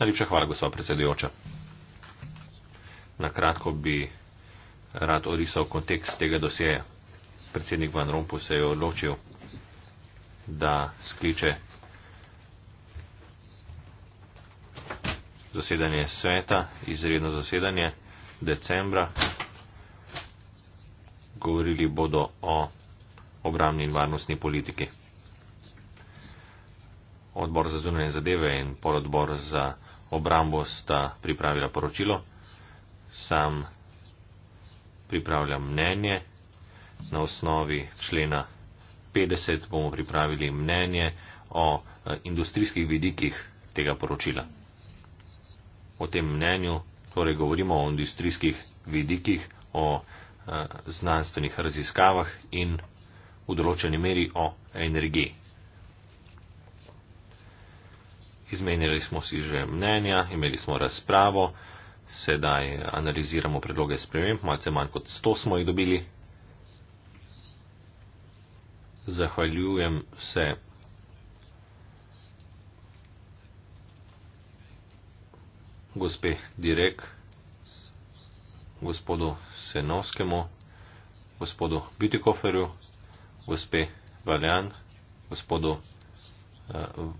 Najlepša hvala, gospod predsedujoča. Nakratko bi rad orisal kontekst tega dosjeja. Predsednik Van Rompu se je odločil, da skliče zasedanje sveta, izredno zasedanje decembra. Govorili bodo o obramni in varnostni politiki odbor za zunanje zadeve in pododbor za obrambo sta pripravila poročilo. Sam pripravljam mnenje. Na osnovi člena 50 bomo pripravili mnenje o e, industrijskih vidikih tega poročila. O tem mnenju, torej govorimo o industrijskih vidikih, o e, znanstvenih raziskavah in v določeni meri o energiji. Izmenili smo si že mnenja, imeli smo razpravo, sedaj analiziramo predloge sprememb, malce manj kot 100 smo jih dobili. Zahvaljujem se gospe Direk, gospodu Senovskemu, gospodu Bitikoferju, gospe Valjan, gospodu. Uh,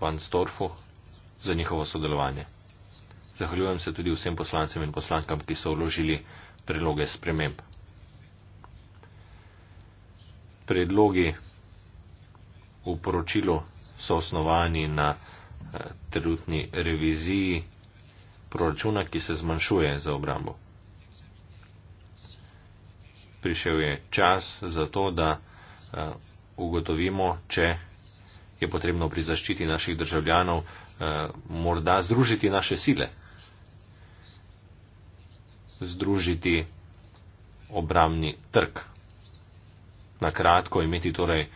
Vansdorfu za njihovo sodelovanje. Zahvaljujem se tudi vsem poslancem in poslankam, ki so vložili predloge sprememb. Predlogi v poročilu so osnovani na eh, trenutni reviziji proračuna, ki se zmanjšuje za obrambo. Prišel je čas za to, da eh, ugotovimo, če je potrebno pri zaščiti naših državljanov eh, morda združiti naše sile, združiti obramni trg, na kratko imeti torej eh,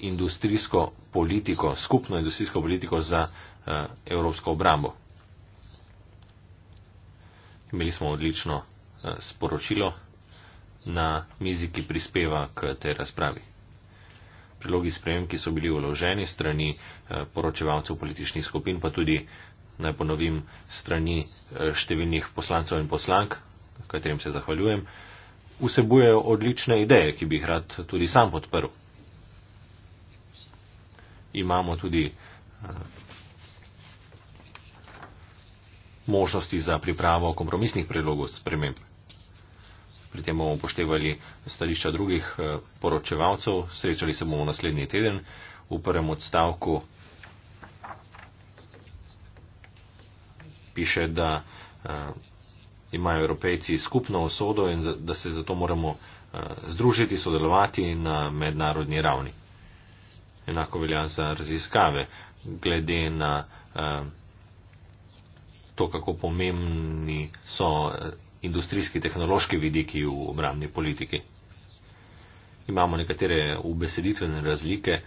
industrijsko politiko, skupno industrijsko politiko za eh, evropsko obrambo. Imeli smo odlično sporočilo na mizi, ki prispeva k tej razpravi prilogi sprejem, ki so bili uloženi strani eh, poročevalcev političnih skupin, pa tudi, naj ponovim, strani eh, številnih poslancev in poslank, katerim se zahvaljujem, vsebujejo odlične ideje, ki bi jih rad tudi sam podprl. Imamo tudi eh, možnosti za pripravo kompromisnih predlogov sprememb. Pri tem bomo upoštevali stališča drugih eh, poročevalcev. Srečali se bomo naslednji teden v prvem odstavku. Piše, da uh, imajo evropejci skupno usodo in za, da se zato moramo uh, združiti, sodelovati na mednarodni ravni. Enako velja za raziskave, glede na uh, to, kako pomembni so industrijski, tehnološki vidiki v obramni politiki. Imamo nekatere ubeseditvene razlike,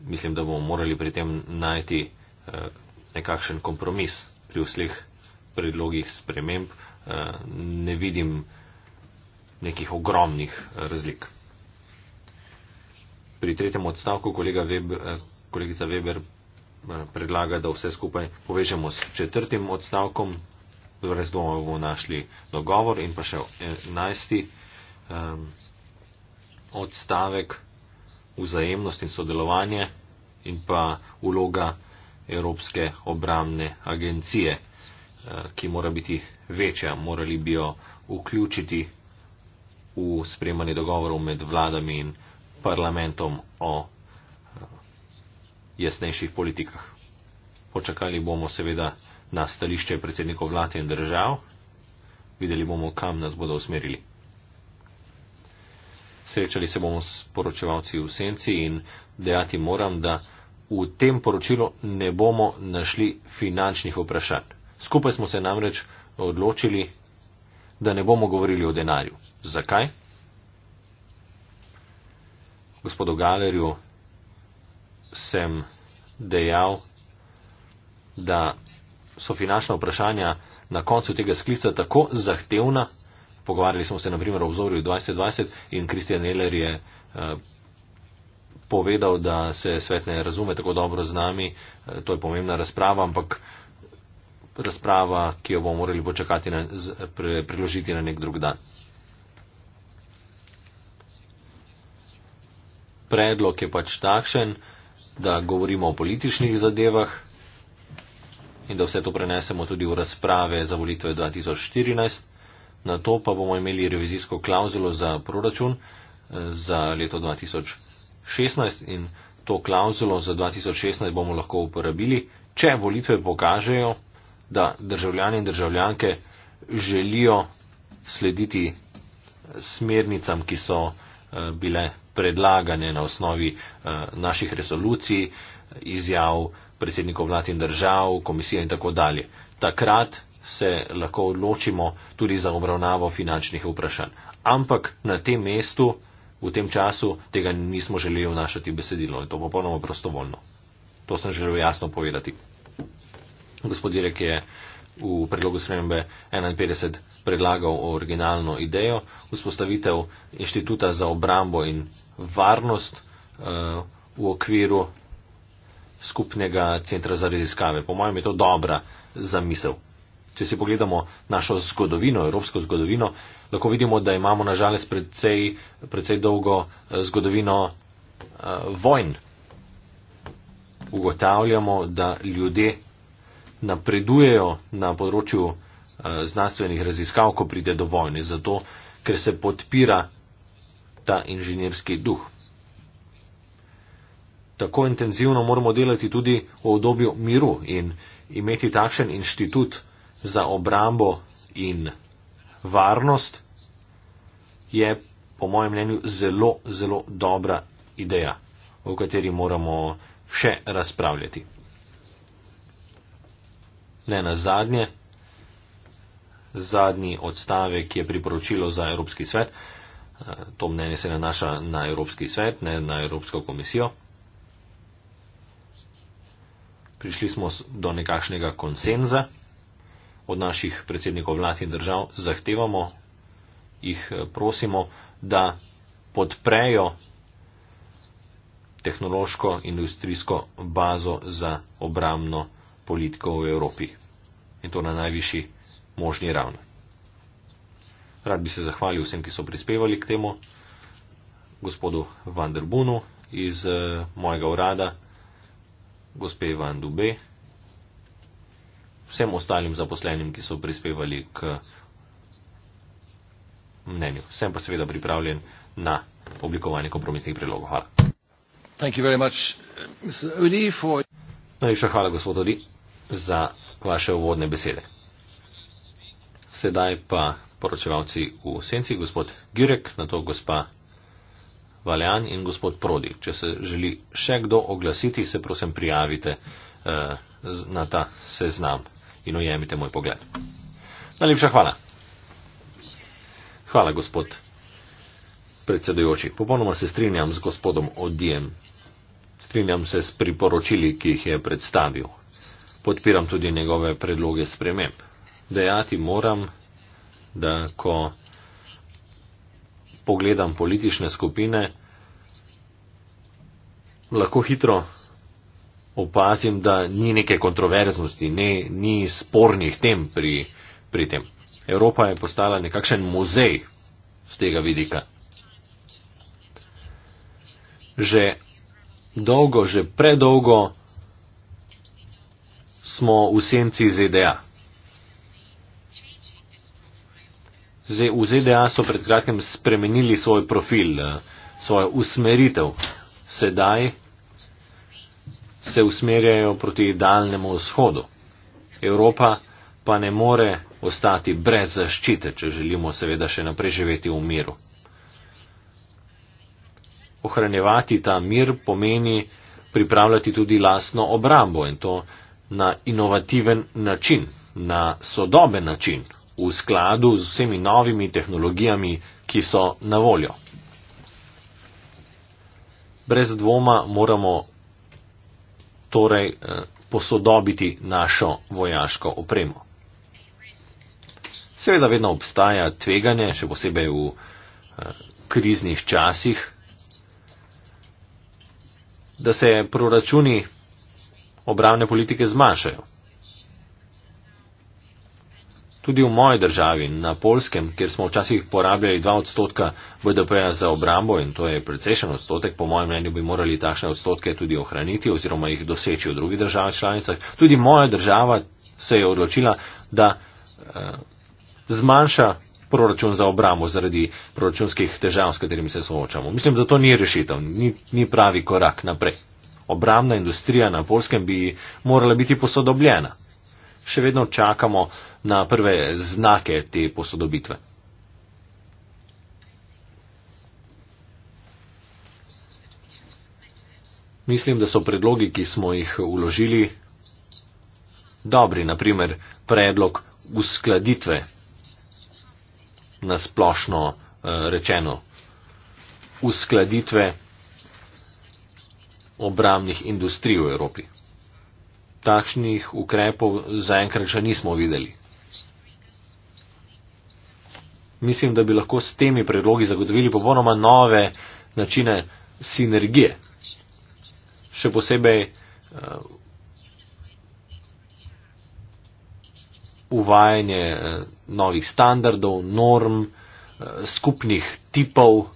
mislim, da bomo morali pri tem najti eh, nekakšen kompromis pri vseh predlogih sprememb. Eh, ne vidim nekih ogromnih eh, razlik. Pri tretjem odstavku Weber, kolegica Weber predlaga, da vse skupaj povežemo s četrtim odstavkom brez dvoma bomo našli dogovor in pa še enajsti um, odstavek vzajemnost in sodelovanje in pa vloga Evropske obramne agencije, eh, ki mora biti večja, morali bi jo vključiti v spremanje dogovorov med vladami in parlamentom o eh, jasnejših politikah. Počakali bomo seveda na stališče predsednikov vlade in držav. Videli bomo, kam nas bodo usmerili. Srečali se bomo s poročevalci v senci in dejati moram, da v tem poročilu ne bomo našli finančnih vprašanj. Skupaj smo se namreč odločili, da ne bomo govorili o denarju. Zakaj? Gospodu Galerju sem dejal, da so finančna vprašanja na koncu tega sklica tako zahtevna. Pogovarjali smo se naprimer o vzorju 2020 in Kristjan Eler je eh, povedal, da se svet ne razume tako dobro z nami. Eh, to je pomembna razprava, ampak razprava, ki jo bomo morali počakati, na, pre, preložiti na nek drug dan. Predlog je pač takšen, da govorimo o političnih zadevah in da vse to prenesemo tudi v razprave za volitve 2014. Na to pa bomo imeli revizijsko klauzulo za proračun eh, za leto 2016 in to klauzulo za 2016 bomo lahko uporabili, če volitve pokažejo, da državljani in državljanke želijo slediti eh, smernicam, ki so eh, bile predlagane na osnovi naših resolucij, izjav, predsednikov vlad in držav, komisije in tako dalje. Takrat se lahko odločimo tudi za obravnavo finančnih vprašanj. Ampak na tem mestu, v tem času, tega nismo želeli vnašati besedilo in to popolnoma prostovoljno. To sem želel jasno povedati. Gospod Direk je v predlogu spremembe 51 predlagal originalno idejo vzpostavitev inštituta za obrambo in varnost uh, v okviru skupnega centra za raziskave. Po mojem je to dobra zamisel. Če si pogledamo našo zgodovino, evropsko zgodovino, lahko vidimo, da imamo nažalost predvsej, predvsej dolgo eh, zgodovino uh, vojn. Ugotavljamo, da ljudje napredujejo na področju uh, znanstvenih raziskav, ko pride do vojne, zato ker se podpira ta inženirski duh tako intenzivno moramo delati tudi v obdobju miru in imeti takšen inštitut za obrambo in varnost je po mojem mnenju zelo, zelo dobra ideja, o kateri moramo še razpravljati. Ne na zadnje, zadnji odstavek je priporočilo za Evropski svet. Eh, to mnenje se nanaša na Evropski svet, ne na Evropsko komisijo prišli smo do nekakšnega konsenza. Od naših predsednikov vlad in držav zahtevamo, jih eh, prosimo, da podprejo tehnološko-industrijsko bazo za obramno politiko v Evropi in to na najvišji možni ravni. Rad bi se zahvalil vsem, ki so prispevali k temu, gospodu Vanderbunu iz eh, mojega urada gospe Ivan Dube, vsem ostalim zaposlenim, ki so prispevali k mnenju. Sem pa seveda pripravljen na oblikovanje kompromisnih predlogov. Hvala. Najlepša hvala, gospod Ori, za vaše uvodne besede. Sedaj pa poročevalci v senci, gospod Girek, na to gospa Valjan in gospod Prodi. Če se želi še kdo oglasiti, se prosim prijavite eh, na ta seznam in ujemite moj pogled. Najlepša hvala. Hvala, gospod predsedujoči. Popolnoma se strinjam z gospodom Odijem. Strinjam se s priporočili, ki jih je predstavil. Podpiram tudi njegove predloge sprememb. Dejati moram, da ko pogledam politične skupine, lahko hitro opazim, da ni neke kontroverznosti, ne, ni spornih tem pri, pri tem. Evropa je postala nekakšen muzej z tega vidika. Že dolgo, že predolgo smo v senci ZDA. Zdaj, v ZDA so pred kratkim spremenili svoj profil, eh, svojo usmeritev. Sedaj se usmerjajo proti daljnemu vzhodu. Evropa pa ne more ostati brez zaščite, če želimo seveda še naprej živeti v miru. Ohranjevati ta mir pomeni pripravljati tudi lasno obrambo in to na inovativen način, na sodoben način v skladu z vsemi novimi tehnologijami, ki so na voljo. Brez dvoma moramo torej eh, posodobiti našo vojaško opremo. Seveda vedno obstaja tveganje, še posebej v eh, kriznih časih, da se proračuni obravne politike zmanjšajo. Tudi v moji državi, na Polskem, kjer smo včasih porabljali 2 odstotka BDP-ja za obrambo in to je precejšen odstotek, po mojem mnenju bi morali takšne odstotke tudi ohraniti oziroma jih doseči v drugih državah članicah. Tudi moja država se je odločila, da eh, zmanjša proračun za obrambo zaradi proračunskih težav, s katerimi se soočamo. Mislim, da to ni rešitev, ni, ni pravi korak naprej. Obramna industrija na Polskem bi morala biti posodobljena. Še vedno čakamo, na prve znake te posodobitve. Mislim, da so predlogi, ki smo jih uložili, dobri, naprimer predlog uskladitve na splošno eh, rečeno, uskladitve obramnih industrij v Evropi. Takšnih ukrepov zaenkrat še nismo videli mislim, da bi lahko s temi predlogi zagotovili popolnoma nove načine sinergije. Še posebej uh, uvajanje uh, novih standardov, norm, uh, skupnih tipov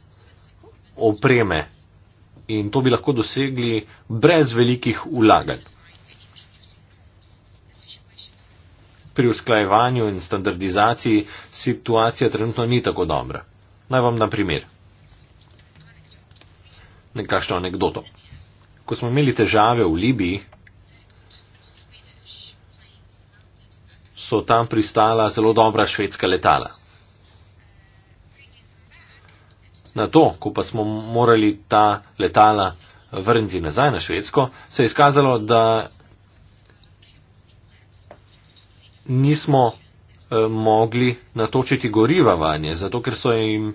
opreme. In to bi lahko dosegli brez velikih ulaganj. pri usklajevanju in standardizaciji situacija trenutno ni tako dobra. Naj vam na primer. Nekakšno anegdoto. Ko smo imeli težave v Libiji, so tam pristala zelo dobra švedska letala. Na to, ko pa smo morali ta letala vrniti nazaj na švedsko, se je izkazalo, da nismo eh, mogli natočiti goriva vanje, zato ker so jim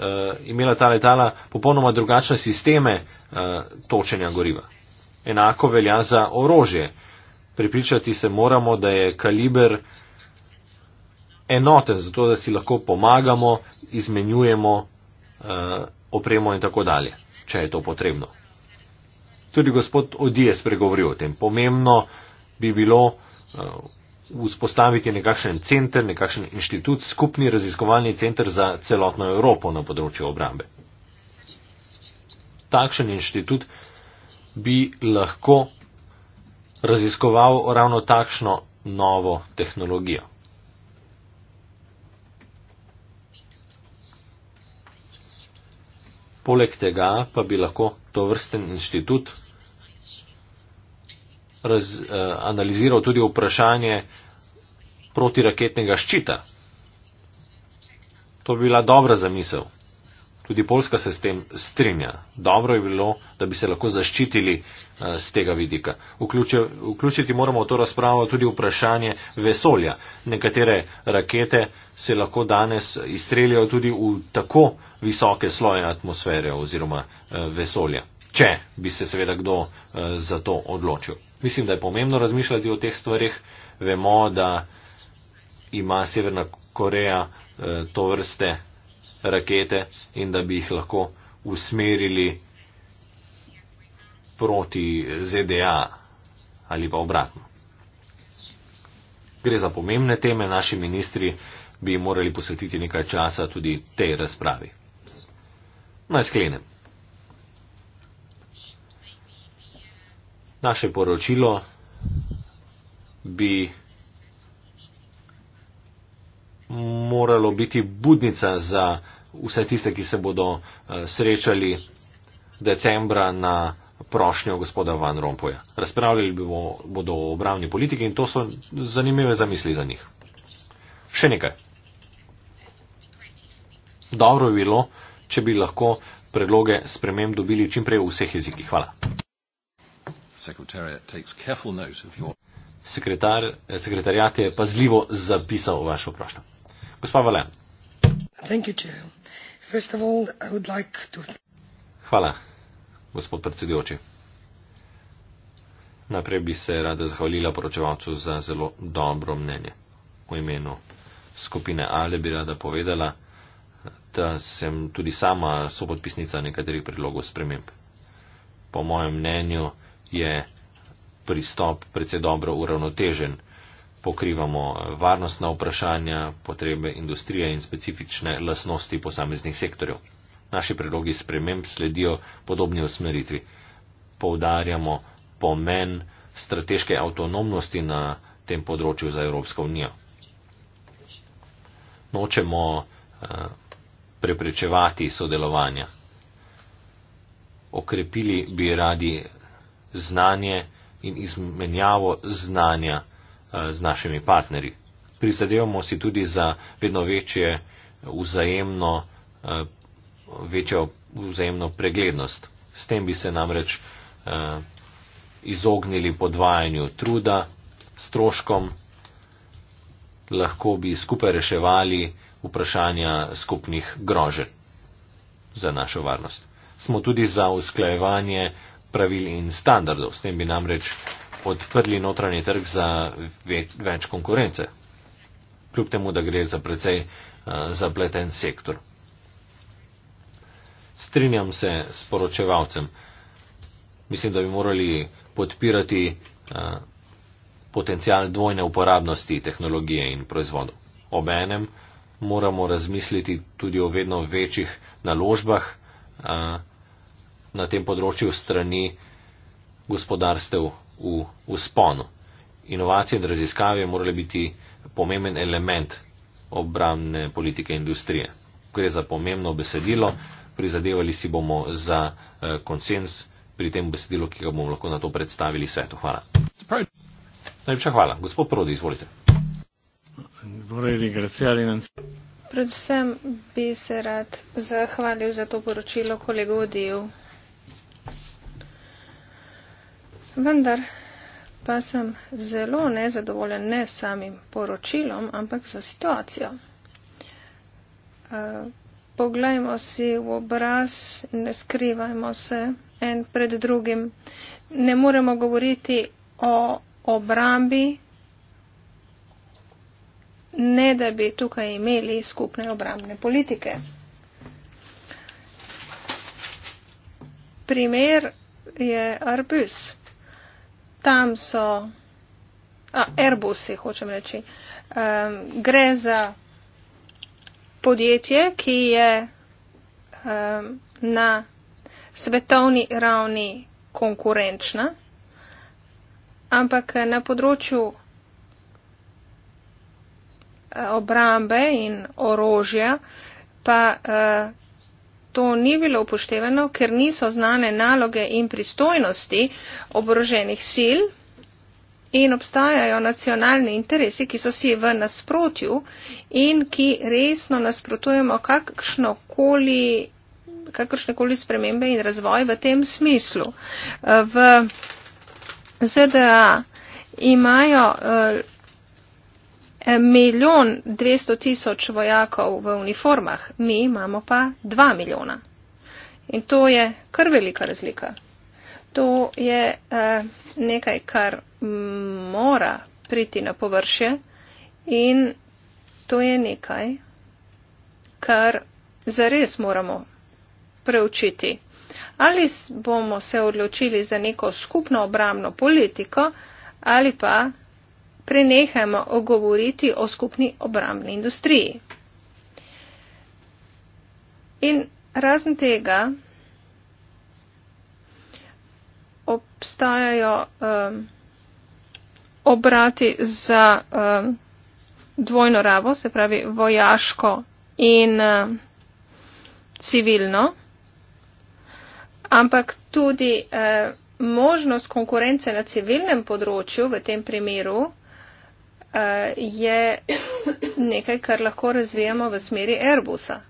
eh, imela ta letala popolnoma drugačne sisteme eh, točenja goriva. Enako velja za orožje. Pripričati se moramo, da je kaliber enoten, zato da si lahko pomagamo, izmenjujemo opremo in tako dalje, če je to potrebno. Tudi gospod Odijes pregovori o tem. Pomembno bi bilo vzpostaviti nekakšen center, nekakšen inštitut, skupni raziskovalni center za celotno Evropo na področju obrambe. Takšen inštitut bi lahko raziskoval ravno takšno novo tehnologijo. Poleg tega pa bi lahko to vrsten inštitut raz, eh, analiziral tudi vprašanje eh, protiraketnega ščita. To bi bila dobra zamisel. Tudi Poljska se s tem strinja. Dobro je bilo, da bi se lahko zaščitili z eh, tega vidika. Vključiti moramo v to razpravo tudi vprašanje vesolja. Nekatere rakete se lahko danes izstrelijo tudi v tako visoke sloje atmosfere oziroma eh, vesolja, če bi se seveda kdo eh, za to odločil. Mislim, da je pomembno razmišljati o teh stvarih. Vemo, da ima Severna Koreja eh, to vrste rakete in da bi jih lahko usmerili proti ZDA ali pa obratno. Gre za pomembne teme, naši ministri bi morali posvetiti nekaj časa tudi tej razpravi. Naj sklenem. Naše poročilo bi moralo biti budnica za vse tiste, ki se bodo eh, srečali decembra na prošnjo gospoda Van Rompuja. Razpravljali bo, bodo o obravni politiki in to so zanimive zamisli za njih. Še nekaj. Dobro bi bilo, če bi lahko predloge sprememb dobili čim prej v vseh jezikih. Hvala. Sekretar, eh, sekretarjat je pazljivo zapisal vašo vprašanje. Hvala, gospod predsedujoči. Najprej bi se rada zahvalila poročevalcu za zelo dobro mnenje. V imenu skupine Ale bi rada povedala, da sem tudi sama sopodpisnica nekaterih predlogov sprememb. Po mojem mnenju je pristop predvsej dobro uravnotežen pokrivamo eh, varnostna vprašanja, potrebe industrije in specifične lasnosti posameznih sektorjev. Naši predlogi sprememb sledijo podobni usmeritvi. Poudarjamo pomen strateške avtonomnosti na tem področju za Evropsko unijo. Nočemo eh, preprečevati sodelovanja. Okrepili bi radi znanje in izmenjavo znanja. Eh, z našimi partnerji. Prizadevamo si tudi za vedno večje vzajemno, eh, večjo vzajemno preglednost. S tem bi se namreč eh, izognili podvajanju truda, stroškom, lahko bi skupaj reševali vprašanja skupnih grožen za našo varnost. Smo tudi za usklajevanje pravil in standardov. S tem bi namreč odprli notranji trg za več konkurence, kljub temu, da gre za precej eh, zapleten sektor. Strinjam se s poročevalcem. Mislim, da bi morali podpirati eh, potencial dvojne uporabnosti tehnologije in proizvodov. Obenem moramo razmisliti tudi o vedno večjih naložbah eh, na tem področju strani gospodarstev v usponu. Inovacije in raziskave morale biti pomemben element obramne politike industrije. Gre za pomembno besedilo, prizadevali si bomo za eh, konsens pri tem besedilu, ki ga bomo lahko na to predstavili svetu. Hvala. Najlepša hvala. Gospod Prodi, izvolite. Predvsem bi se rad zahvalil za to poročilo kolegu Odiju. Vendar pa sem zelo nezadovoljen ne samim poročilom, ampak za situacijo. Eh, poglejmo si v obraz, ne skrivajmo se en pred drugim. Ne moremo govoriti o obrambi, ne da bi tukaj imeli skupne obrambne politike. Primer je Arbus tam so, a, Airbusi hočem reči, um, gre za podjetje, ki je um, na svetovni ravni konkurenčna, ampak na področju e, obrambe in orožja pa uh, to ni bilo upoštevano, ker niso znane naloge in pristojnosti oboroženih sil in obstajajo nacionalni interesi, ki so si v nasprotju in ki resno nasprotujemo kakršnokoli kakršnekoli spremembe in razvoj v tem smislu. V ZDA imajo eh, milijon dvesto tisoč vojakov v uniformah, mi imamo pa dva milijona. In to je kar velika razlika. To je eh, nekaj, kar mora priti na površje in to je nekaj, kar zares moramo preučiti. Ali bomo se odločili za neko skupno obramno politiko ali pa prenehajmo govoriti o skupni obrambni industriji. In razen tega obstajajo um, obrati za um, dvojno ravo, se pravi vojaško in uh, civilno, ampak tudi uh, možnost konkurence na civilnem področju v tem primeru je nekaj, kar lahko razvijamo v smeri Airbusa.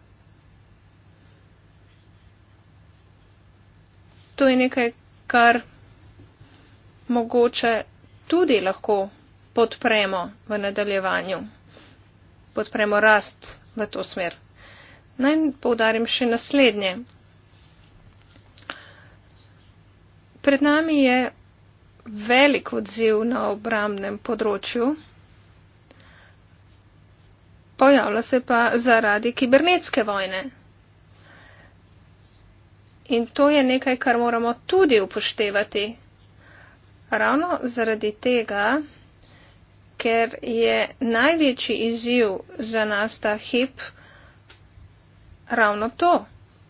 To je nekaj, kar mogoče tudi lahko podpremo v nadaljevanju, podpremo rast v to smer. Naj povdarim še naslednje. Pred nami je velik odziv na obramnem področju pojavlja se pa zaradi kibernetske vojne. In to je nekaj, kar moramo tudi upoštevati. Ravno zaradi tega, ker je največji izziv za nas ta hip ravno to.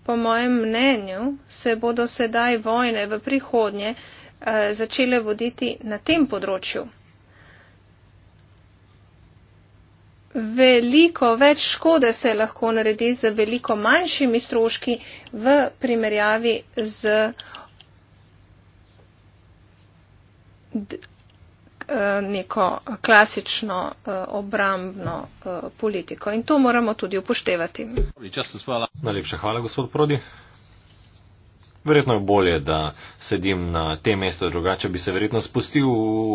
Po mojem mnenju se bodo sedaj vojne v prihodnje eh, začele voditi na tem področju. veliko več škode se lahko naredi z veliko manjšimi stroški v primerjavi z neko klasično e, obrambno e, politiko. In to moramo tudi upoštevati. Najlepša hvala, gospod Prodi. Verjetno je bolje, da sedim na tem mestu, drugače bi se verjetno spustil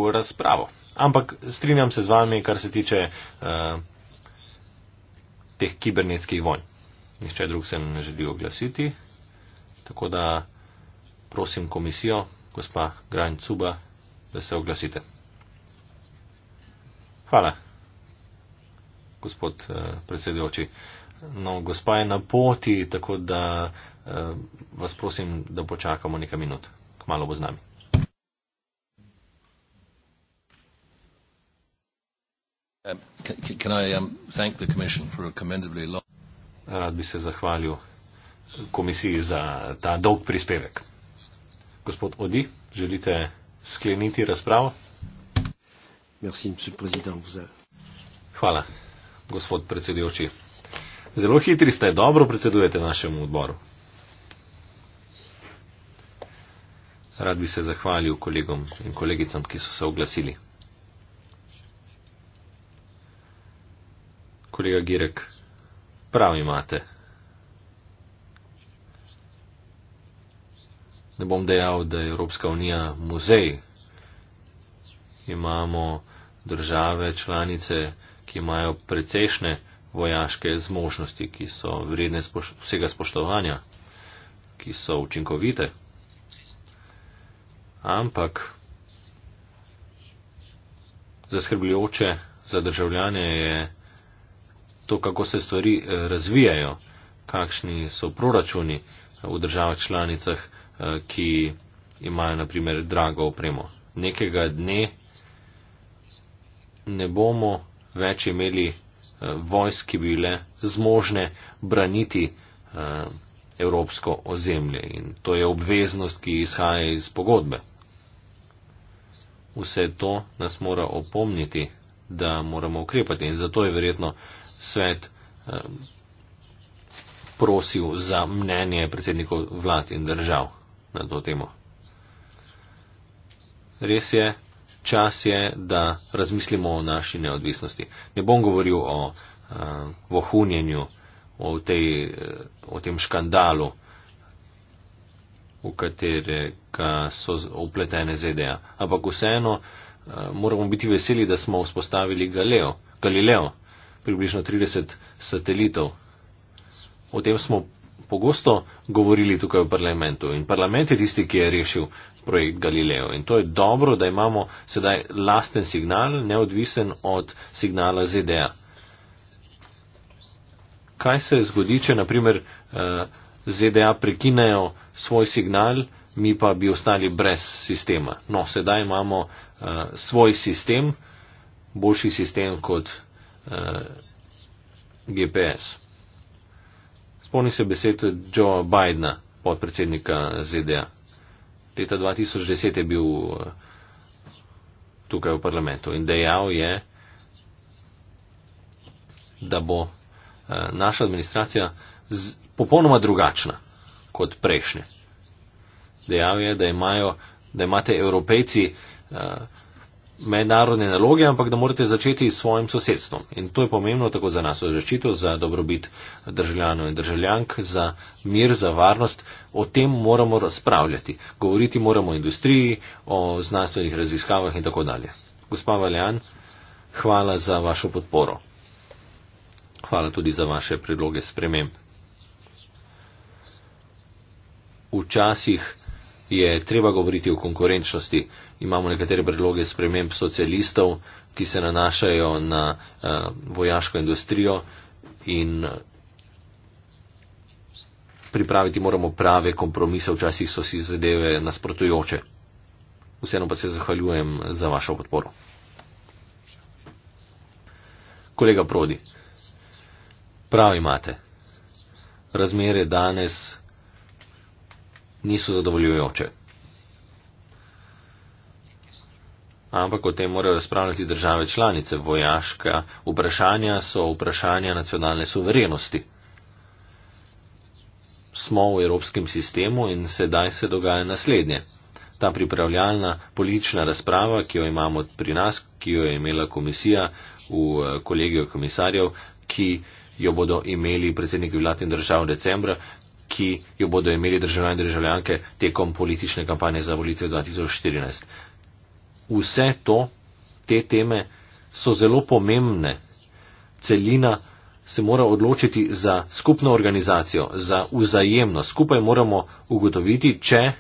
v razpravo. Ampak strinjam se z vami, kar se tiče uh, teh kibernetskih vojn. Nihče drug se ne želi oglasiti. Tako da prosim komisijo, gospa Granj Cuba, da se oglasite. Hvala, gospod uh, predsedujoči. Uh, No, gospa je na poti, tako da eh, vas prosim, da počakamo nekaj minut. Kmalo bo z nami. Um, um, Rad bi se zahvalil komisiji za ta dolg prispevek. Gospod Odi, želite skleniti razpravo? Merci, Hvala, gospod predsedujoči. Zelo hitri ste, dobro predsedujete našemu odboru. Rad bi se zahvalil kolegom in kolegicam, ki so se oglasili. Kolega Girek, prav imate. Ne bom dejal, da je Evropska unija muzej. Imamo države, članice, ki imajo precejšnje vojaške zmožnosti, ki so vredne spoš vsega spoštovanja, ki so učinkovite. Ampak zaskrbljujoče za državljane je to, kako se stvari eh, razvijajo, kakšni so proračuni eh, v državah članicah, eh, ki imajo naprimer drago opremo. Nekega dne ne bomo več imeli Eh, vojsk, ki bi bile zmožne braniti eh, evropsko ozemlje. In to je obveznost, ki izhaja iz pogodbe. Vse to nas mora opomniti, da moramo ukrepati. In zato je verjetno svet eh, prosil za mnenje predsednikov vlad in držav na to temo. Res je, čas je, da razmislimo o naši neodvisnosti. Ne bom govoril o uh, vohunjenju, o, tej, uh, o tem škandalu, v katerega so upletene ZDA. Ampak vseeno uh, moramo biti veseli, da smo vzpostavili Galileo, približno 30 satelitov. O tem smo pogosto govorili tukaj v parlamentu in parlament je tisti, ki je rešil projekt Galileo. In to je dobro, da imamo sedaj lasten signal, neodvisen od signala ZDA. Kaj se zgodi, če naprimer eh, ZDA prekinejo svoj signal, mi pa bi ostali brez sistema? No, sedaj imamo uh, svoj sistem, boljši sistem kot uh, eh, GPS. Spomni se besed Joe Bidna, podpredsednika ZDA. Leta 2010 je bil eh, tukaj v parlamentu in dejal je, da bo eh, naša administracija z, popolnoma drugačna kot prejšnje. Dejal je, da, imajo, da imate evropejci uh, mednarodne naloge, ampak da morate začeti s svojim sosedstvom. In to je pomembno tako za nas, za zaščito, za dobrobit državljanov in državljank, za mir, za varnost. O tem moramo razpravljati. Govoriti moramo o industriji, o znanstvenih raziskavah in tako dalje. Gospa Valjan, hvala za vašo podporo. Hvala tudi za vaše predloge sprememb. Včasih je treba govoriti o konkurenčnosti. Imamo nekatere predloge sprememb socialistov, ki se nanašajo na uh, vojaško industrijo in eh, pripraviti moramo prave kompromise, včasih so si zadeve nasprotujoče. Vseeno pa se zahvaljujem za vašo podporo. Kolega Prodi, prav imate. Razmere danes niso zadovoljujoče. Ampak o tem morajo razpravljati države članice. Vojaška vprašanja so vprašanja nacionalne suverenosti. Smo v evropskem sistemu in sedaj se dogaja naslednje. Ta pripravljalna politična razprava, ki jo imamo pri nas, ki jo je imela komisija v eh, kolegijo komisarjev, ki jo bodo imeli predsedniki vlad in držav decembra, ki jo bodo imeli državljani in državljanke tekom politične kampanje za volitve 2014. Vse to, te teme so zelo pomembne. Celina se mora odločiti za skupno organizacijo, za vzajemno. Skupaj moramo ugotoviti, če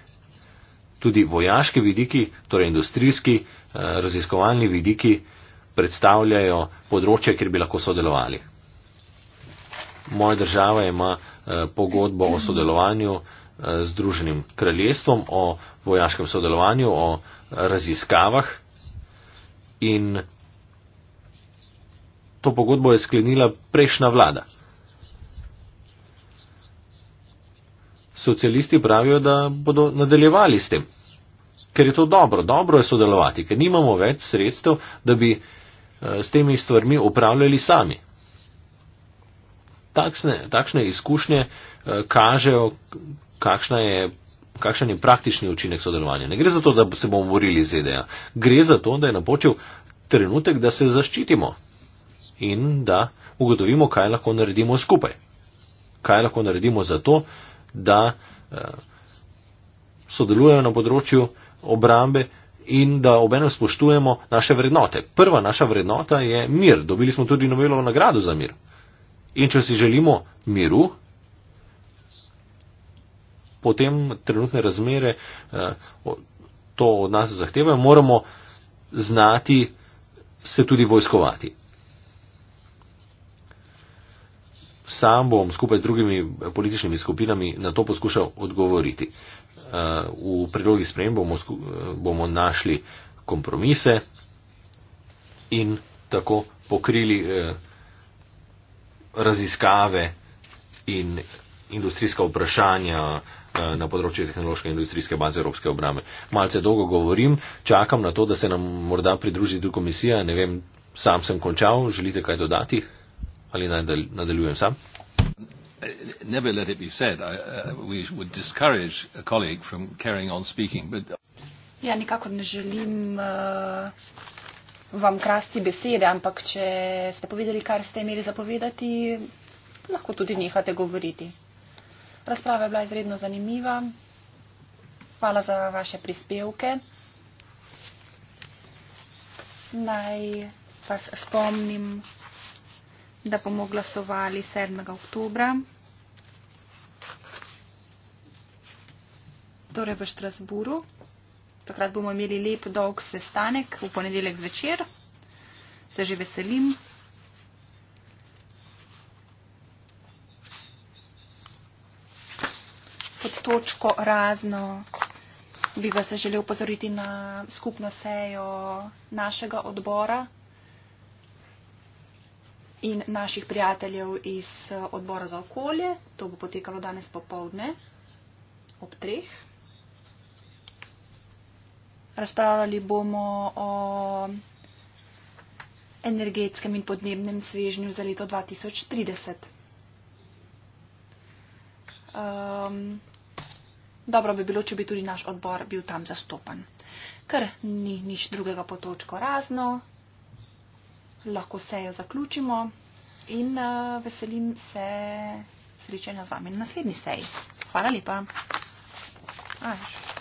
tudi vojaški vidiki, torej industrijski, eh, raziskovalni vidiki predstavljajo področje, kjer bi lahko sodelovali. Moja država ima pogodbo o sodelovanju eh, z Združenim kraljestvom, o vojaškem sodelovanju, o raziskavah. In to pogodbo je sklenila prejšnja vlada. Socialisti pravijo, da bodo nadaljevali s tem, ker je to dobro, dobro je sodelovati, ker nimamo več sredstev, da bi eh, s temi stvarmi upravljali sami takšne, takšne izkušnje eh, kažejo, kakšna je. Kakšen je praktični učinek sodelovanja? Ne gre za to, da se bomo borili z ZDA. Gre za to, da je napočil trenutek, da se zaščitimo in da ugotovimo, kaj lahko naredimo skupaj. Kaj lahko naredimo za to, da eh, sodelujejo na področju obrambe in da obenem spoštujemo naše vrednote. Prva naša vrednota je mir. Dobili smo tudi Nobelovo nagrado za mir. In če si želimo miru, potem trenutne razmere eh, to od nas zahtevajo, moramo znati se tudi vojskovati. Sam bom skupaj z drugimi političnimi skupinami na to poskušal odgovoriti. Eh, v predlogi sprem bomo, eh, bomo našli kompromise in tako pokrili eh, raziskave in industrijska vprašanja eh, na področju tehnološke in industrijske baze Evropske obrame. Malce dolgo govorim, čakam na to, da se nam morda pridruži tudi komisija. Ne vem, sam sem končal, želite kaj dodati ali nadaljujem sam? Uh, ja, nikakor ne želim. Uh vam krasti besede, ampak če ste povedali, kar ste imeli zapovedati, lahko tudi nehate govoriti. Razprava je bila izredno zanimiva. Hvala za vaše prispevke. Naj vas spomnim, da bomo glasovali 7. oktobra. Torej v Štrasburu. Takrat bomo imeli lep, dolg sestanek v ponedeljek zvečer. Se že veselim. Pod točko razno bi vas želel pozoriti na skupno sejo našega odbora in naših prijateljev iz eh, odbora za okolje. To bo potekalo danes popovdne ob treh. Razpravljali bomo o energetskem in podnebnem svežnju za leto 2030. Um, ehm, dobro bi bilo, če bi tudi naš odbor bil tam zastopan. Ker ni nič drugega po točko razno, lahko sejo zaključimo in uh, veselim se srečanja z vami na naslednji seji. Hvala lepa. Ajš.